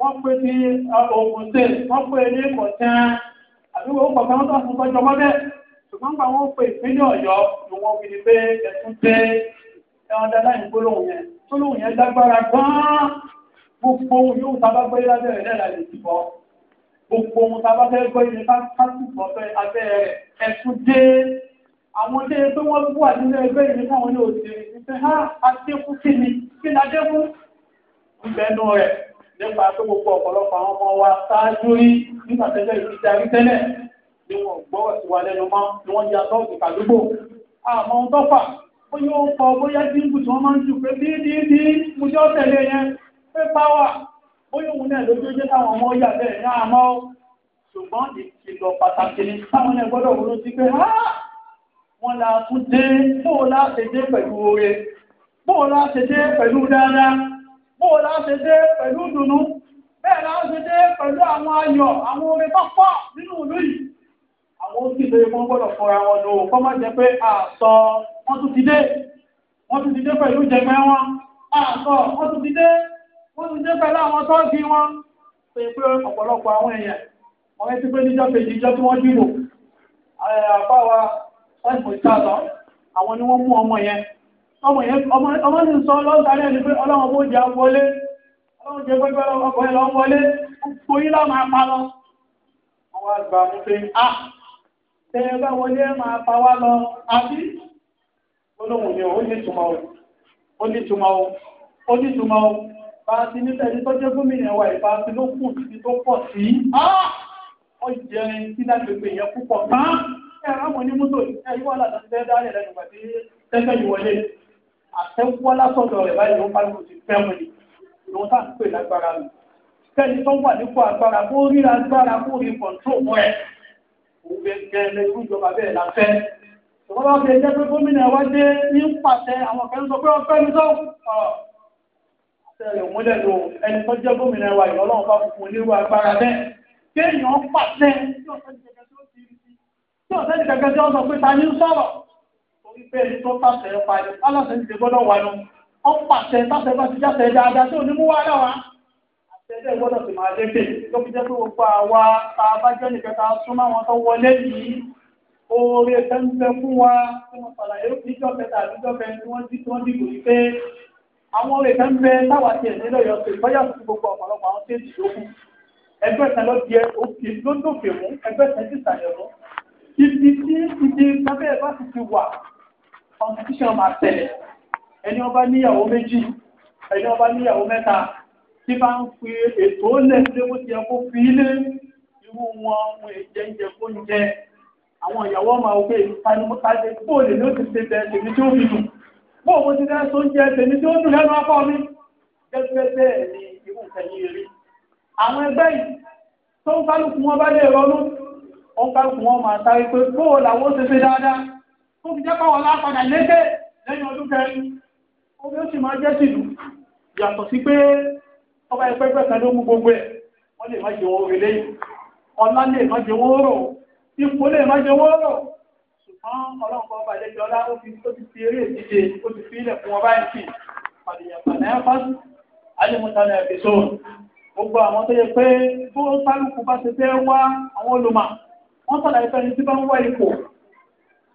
[SPEAKER 1] wọ́n pè ní uh, ogun tẹ̀ wọ́n pè ní kọ̀tán àdúgbò kọ̀tán gbogbo ohun yóò bá gbé lábẹ́ rẹ̀ náà fẹ́ abẹ́ rẹ̀ ẹ̀sùn dé àwọn ilé ẹgbẹ́ wọn bú àdínlẹ̀ ẹgbẹ́ ìní fáwọn ilé òṣèré ìfẹ́ ha adékú kí ni kí ni adékú ń bẹnu rẹ̀ nípa tó gbogbo ọ̀pọ̀lọpọ̀ àwọn ọmọ wa ṣáájú rí nígbà tẹ́lẹ̀ ìfi darí tẹ́lẹ̀ ni wọ́n gbọ́rọ̀ sí wa lẹ́nu mọ́ ni wọ́n ya tọ́ọ̀gì kàdúgbò àmọ́ ohun tó fà ó yóò kọ bóyá jíǹkù tí wọ́n máa ń jù pé dídídí mo jọ́ tẹ̀lé yẹn pé páwà bóyá òun náà lójú jẹ́ táwọn ọmọ yà bẹ́ẹ̀ ní àmọ́ ṣùgbọ́n ìkìlọ̀ pàtàkì ni táwọn náà gbọ́dọ̀ wúlò sí pé wọ́n la tún dé bóò láti dé pẹ̀lú oore bóò láti dé pẹ̀lú dáadáa bó o láṣẹ dé pẹ̀lú ìdùnnú bẹ́ẹ̀ láṣẹ dé pẹ̀lú àwọn ayọ̀ àwọn orin tó pọ̀ nínú ìlú yìí àwọn ó sì lè mọ́ gbọ́dọ̀ fọra wọn lò kọ́ má jẹ́ pé àṣọ wọ́n tún ti dé wọ́n tún ti dé pẹ̀lú jẹgbẹ́ wọn àṣọ wọ́n tún ti dé wọ́n tún ti dé pẹ̀lú àwọn tọ́ọ̀gì wọn pé pé ọ̀pọ̀lọpọ̀ àwọn èèyàn wọ́n ti pé níjọ́ kejì ìjọ tí wọ́n dìbò àbáwa wọ́n ti mọ̀ àwọn ni wọ́n mú ọmọ yẹn ọmọ ní sọ lọ́sàrí ẹni pé ọlọ́run bó jẹ wọlé ọlọ́run jẹ pẹ́pẹ́ ọkùnrin lọ wọlé orí lá máa pa lọ ọwọ́ àgbà ní pé a tẹ́ẹ̀ bá wọlé máa pa wá lọ àbí olóhùn ni ó ní túmọ̀ ó ní túmọ̀ ó ní túmọ̀ bá a ti nípa ẹni tó jẹ́ gómìnà wa ìbá ti ló kù títí tó pọ̀ sí ọ jẹrin sí láti pè yẹn púpọ̀ kan ẹ̀ àwọn onímọ́tò ẹ̀ yíwọ́ àlàdà ti fẹ́ dálẹ̀ lẹ́nu pàdé tẹ́tẹ́ ìwọlé àtẹ́wọ́ lásọ̀dọ̀ rẹ̀ báyìí ó pariwo ti fẹ́ mu ni ìwọ́n tá à ń pè lágbára mi kẹ́ni tó wà nípò agbára kó rí agbára kó rí kọ̀ǹtró mọ́ ẹ̀ òun bẹ gẹ lẹ́gbẹ́ ìjọba bẹ́ẹ̀ la fẹ́ ìwọ́n bá fi ẹjẹ́ pé gómìnà wa dé ní pàṣẹ àwọn kan sọ pé ọpẹ́ mi tó àtẹ̀rẹ̀ òmúlẹ̀ lò ẹni tó jẹ́ gómìnà wa ìyọ́ ọlọ́run bá fún un nírú agbára bẹ́ẹ̀ kéèyàn pàṣẹ tí ọ̀sẹ̀ nìkan tí ó sọ pé ta ni ń sọ̀rọ̀ wípé ẹni tó pàṣẹ ẹ parí aláṣẹ ti lè gbọ́dọ̀ wà nù ọ pàṣẹ pàṣẹ bá ti jáṣẹ dáadáa tó onímú wa náà wá àṣẹ ẹgbẹ́ gbọ́dọ̀ sì máa lékè ló fi jẹ́ pé gbogbo àwa tá a bá jẹ́ nìkan tá a súnmọ́ àwọn tó wọlé yìí oore ẹ̀fẹ́ ń fẹ́ fún wa tí mo sàlàyé níjọ́ kẹta àdújọ́ fẹ́ tí wọ́n dí tí wọ́n dìbò yìí pé àwọn ẹ̀fẹ́ ń fẹ́ táwa tiẹ̀ tí ibi lábẹ́ bá ti ti wà kọmpitíṣọ̀n máa tẹ̀lẹ̀ ẹni ọba níyàwó méjì ẹni ọba níyàwó mẹ́ta tí bá ń fi ètò lẹ̀ sílé bó ti yẹ kó fi ilé irú wọn ohun ìjẹ́jẹ́ kó ń jẹ àwọn ìyàwó ọmọ òkè ìpàdé bóòlù ló ti ṣe bẹ tèmi tí ó fi dùn bóòlù ti dẹ́ tó ń jẹ tèmi tí ó dùn lẹ́nu afọ mi gẹ́gẹ́ bẹ́ẹ̀ ni irú nǹkan yìí rí àwọn ẹgbẹ́ yìí tó ń kálukú wọn bá lè ronú ó ń kálukú wọn máa sáré pé bóòlù àwọn ó ṣe ṣe dáadáa tó fi jẹ́ pàwọ̀ lápadà lédè lẹ́yìn ọdún kẹrin omi ó sì máa jẹ́ sílù yàtọ̀ sí pé ọba ẹgbẹ́ gbẹ̀kan ló mú gbogbo ẹ̀ wọ́n lè má jẹ wọ́n rẹ̀ lẹ́yìn ọlá lè má jẹ wọ́n rọ̀ ipò lè má jẹ wọ́n rọ̀ ṣùgbọ́n ọlọ́pàá ọba ẹlẹ́jọ́ ọlá ó fi ó ti fi eré ìdíje ó ti fi ilẹ̀ fún ọba ẹ̀ sí pàdéyàpàdé fásitì alẹ́mútanà ẹ̀fẹ́sọ́ọ̀nù gbogbo àwọn tó yẹ pé bó kálukú bá ti fẹ́ wá àwọn olùmọ̀ wọ́n sọ̀rọ̀ ìfẹ́ ní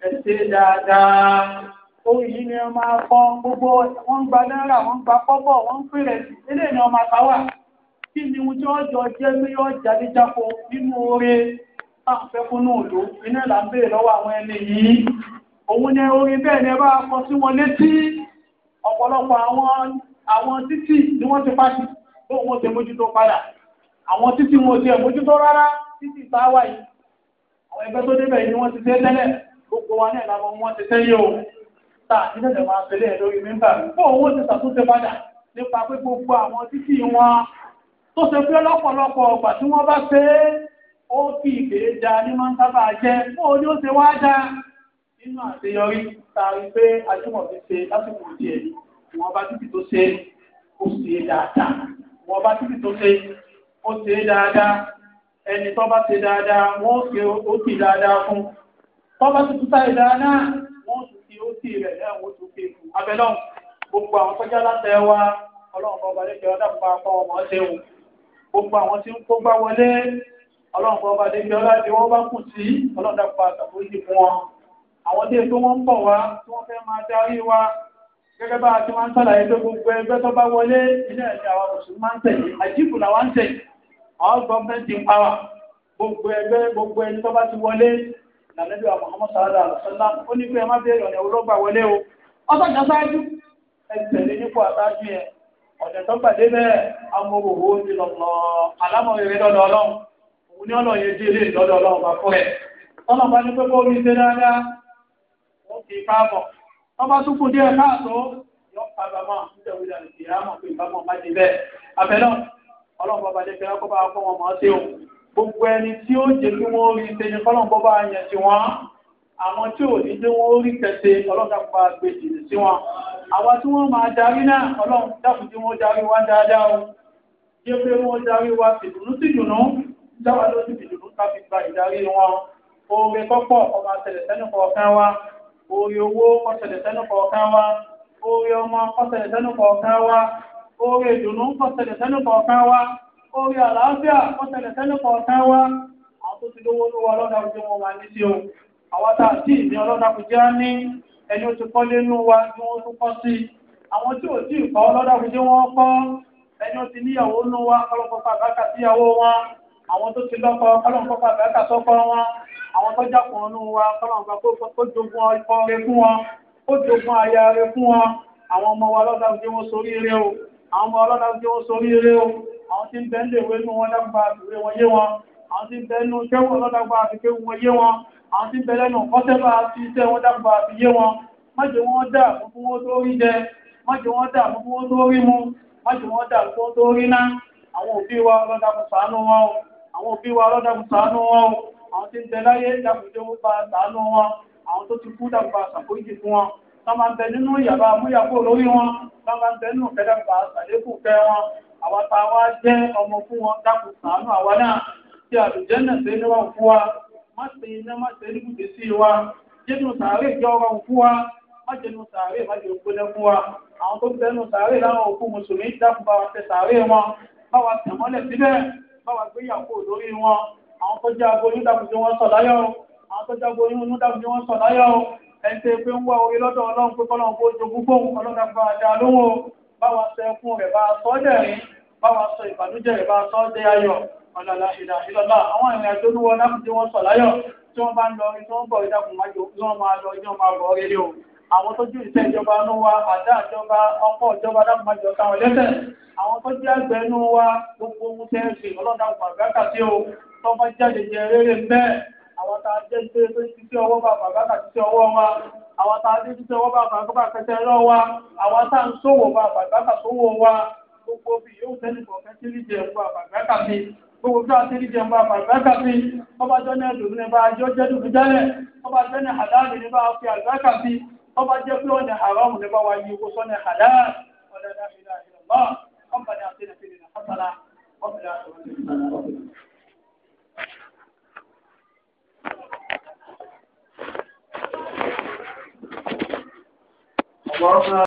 [SPEAKER 1] ẹsẹ̀ dáadáa ohun yìí ni ọmọ akọ gbogbo wọn gba náírà wọn gba kọ́bọ̀ wọn pèrè eléyìí ni ọmọ àtàwà kí ni ohun tí wọn jọ jẹ pé yóò jáde jáfo nínú oore táwọn fẹ́ fún náà lò iná là ń béèrè lọ́wọ́ àwọn ẹni yìí òun ni orin bẹ́ẹ̀ ni ẹ bá kọ sí wọn létí ọ̀pọ̀lọpọ̀ àwọn àwọn títì ni wọ́n ti pàṣẹ tó wọ́n ti mójútó padà àwọn títì wọn ò ti ẹ̀ mójútó rárá títì táwa yìí àwọn ẹgbẹ́ tó débẹ̀ yìí ni wọ́n ti ṣe tẹ́lẹ̀ gbogbo wa náà làwọn ọmọ ti sẹ́yìn o tá àti máa fẹ́lẹ́ lórí mẹ́mbà fún owó ti ṣàtúnṣe padà nípa pé gbogbo àwọn títí wọn tó ṣe pé lọ́pọ̀lọpọ̀ ọgbà tí wọ́n bá ṣe é ó fi ìbèrè da ní máa ń sábà jẹ fún òní ó wá da nínú àṣeyọrí tàbí pé ajúmọ̀bí ṣe lásìkò díẹ̀ ìwọ̀n bá títí tó ṣe ó ṣe dáadáa ìwọ̀n bá títí tó ṣe ó ṣe dáadáa ẹni tó bá ṣe dáadáa wọ́n ó ṣe ó ṣe dáadáa fún tọ́ba tó tún sáré dára náà wọ́n tún fi ó sì rẹ̀ náà wọ́n tún fi fún abẹ́lọ́n gbogbo àwọn sọ́jà láti ẹ wá ọlọ́run bọ́ba lẹ́kẹ̀ẹ́ ọ̀dàpọ̀ apá ọmọ ọ̀sẹ̀ wò gbogbo àwọn tí ń kó gbá wọlé ọlọ́run bọ́ba lẹ́kẹ̀ẹ́ ọ̀dàpọ̀ wọ́n bá kù sí ọlọ́run dàpọ̀ àtàkùnrin fún wọn àwọn dé tó wọ́n ń bọ̀ wá tí wọ́n fẹ́ máa darí wa gẹ́gẹ́ bá a ti máa ń sàlàyé pé gbogbo ẹgbẹ́ tó bá wọlé ilé ẹ̀sìn àwọn mùsùlùmí máa ń tẹ̀lé àjíkù làwọn ń tẹ̀lé àwọn gọ́ọ̀mẹ́ntì ń pa wà gbogbo ẹgbẹ́ gbogbo ẹni tó bá ti wọlé lànàbí wa Muhammad sallallahu alaihi wa sallam ó ní pé ẹ má bẹ́ẹ̀ ọ̀nà olóògbà wọlé o ọ̀sán kan ṣáájú ẹ tẹ̀lé nípò àṣáájú yẹn ọ̀nà tó gbàdé bẹ́ẹ̀ amóhòhò ti lọ́nà alámọ̀ rere lọ́dọ̀ ọlọ́run òun ní ọ̀nà yẹn dé lé lọ́dọ̀ ọlọ́run bá fún ẹ̀ tọ́nà bá ní pé kó omi ṣe dáadáa wọ́n fi káàbọ̀ tọ́ bá tún kù díẹ̀ káàtó yọ kábàámọ̀ nítorí ìdàgbàsí àmọ̀ pé ìbámọ̀ má ti bẹ́ẹ̀ abẹ́lọ́ ọlọ́run bàbá jẹ́ kí wọ́n kọ́ bá wọn mọ̀ ọ́ sí òun gbogbo ẹni tí ó jẹ́ kí wọ́n rí tẹ́ni fọ́lọ́n bọ́ bá yẹn sí wọn àwọn tí ò ní jẹ́ rí tẹsẹ ọlọ́dà pa gbèjì sí wọn tí wọ́n máa darí tí wọ́n darí wa dáadáa o jẹ́ pé wọ́n darí wa sí dáwà ló sì ká fi gba ìdarí wọn oore kọ́pọ̀ ọmọ àtẹ̀lẹ̀ sẹ́nu kọ̀ọ̀kan wa oore owó kọ́tẹ̀lẹ̀ sẹ́nu kọ̀ọ̀kan wa oore ọmọ kọ́tẹ̀lẹ̀ sẹ́nu orí àlàáfíà ọ̀tẹ̀lẹ̀ tẹ́lẹ̀ kọ̀ọ̀kan wá àwọn tó ti lówó lówó ọlọ́dà ojú wọn wà ní sí o àwọn tá àti ìní ọlọ́dà kò já ní ẹni ó ti kọ́ lénú wa ni wọ́n tún kọ́ sí àwọn tí ò tí ì kọ́ kò jẹ́ wọ́n kọ́ ẹni ó ti níyàwó nú wa kọ́lọ́kọ́ pàbákà síyàwó wọn àwọn tó ti lọ́kọ kọ́lọ́kọ́ pàbákà sọ́kọ wọn àwọn tó jákùn nú wa kọ́lọ́kọ́ àwọn tí ń bẹ ń lè wé ní wọn lágbà àfiwé wọn yé wọn àwọn tí ń bẹ nínú iṣẹ́ wọn lọ́dàgbà àfiwé wọn yé wọn àwọn tí ń bẹ lẹ́nu kọ́sẹ́bà àti iṣẹ́ wọn àfi yé wọn dà fún wọn tó rí jẹ dà fún wọn tó rí àwọn o àwọn òbí wa wọn o àwọn tí ń bẹ láyé wọn bá wọn àwọn tó ti kú dàgbà àwa tá a wá jẹ́ ọmọ fún wọn dákun ṣàánú àwa náà tí àlùjẹ́nà ṣe ní wọn fún wa má ṣe iná má ṣe ní kùtì sí wa jẹ́nu sàárè jẹ́ ọ̀rọ̀ fún wa má jẹ́nu sàárè má jẹ́ òkúlẹ̀ fún wa àwọn tó bẹnu sàárè láwọn òkú mùsùlùmí dákun bá wa tẹ sàárè wọn bá wa tẹ̀ mọ́lẹ̀ síbẹ̀ bá wa gbéyàwó lórí wọn àwọn tó jẹ́ aboyún dákun tí wọ́n sọ láyọ̀ àwọn tó jẹ́ aboyún inú dákun tí wọ́n sọ láyọ̀ ẹ̀ǹtẹ́ pé ń wá orí lọ́dọ̀ ọlọ́run pé kọ́lọ́run bó jogún fóun ọlọ́dàgbà àdá lówó báwa sẹ́kùn rẹ̀ bá a sọ́dẹ̀rín báwa sọ ìbànújẹ́ ìbá sọ dé ayọ̀ ọ̀làlà ìlà ìlọ́lá àwọn ìrìn àjò olúwọ láti tí wọ́n sọ láyọ̀ tí wọ́n bá ń lọ tí wọ́n bọ̀ ìdákùn májò tí wọ́n máa lọ ní ọmọ àgọ́ rere o àwọn tó jù ìṣe ìjọba inú wa àdá ìjọba ọkọ̀ ìjọba dákùn májò táwọn lẹ́sẹ̀ àwọn tó jẹ́ àgbẹ̀ inú wa gbogbo ohun tẹ́ fi ọlọ́dàkùn àgbàkà sí o tó bá jáde jẹ rere bẹ́ẹ̀ àwọn tá a jẹ́ pé tó ti sí ọwọ́ bàbá bàbá ti ọwọ́ wa àwọn tá a jẹ́ pé ọwọ́ bàbá bàbá kẹsẹ̀ lọ́wọ́ wa àwọn tá a ń sòwò bàbá bàbá sòwò wa gbogbo bí yóò tẹ́lẹ̀ kọ̀ọ̀kan tí ní jẹ ńgbà bàbá kàfi gbogbo bí a ti ní jẹ ńgbà bàbá kàfi ọba jọ ní ẹdùn ní bá ajọ́ jẹ́ dùn jẹ́lẹ̀ ọba jẹ́ ní àdáàlì ní bá fi àgbà kàfi ọba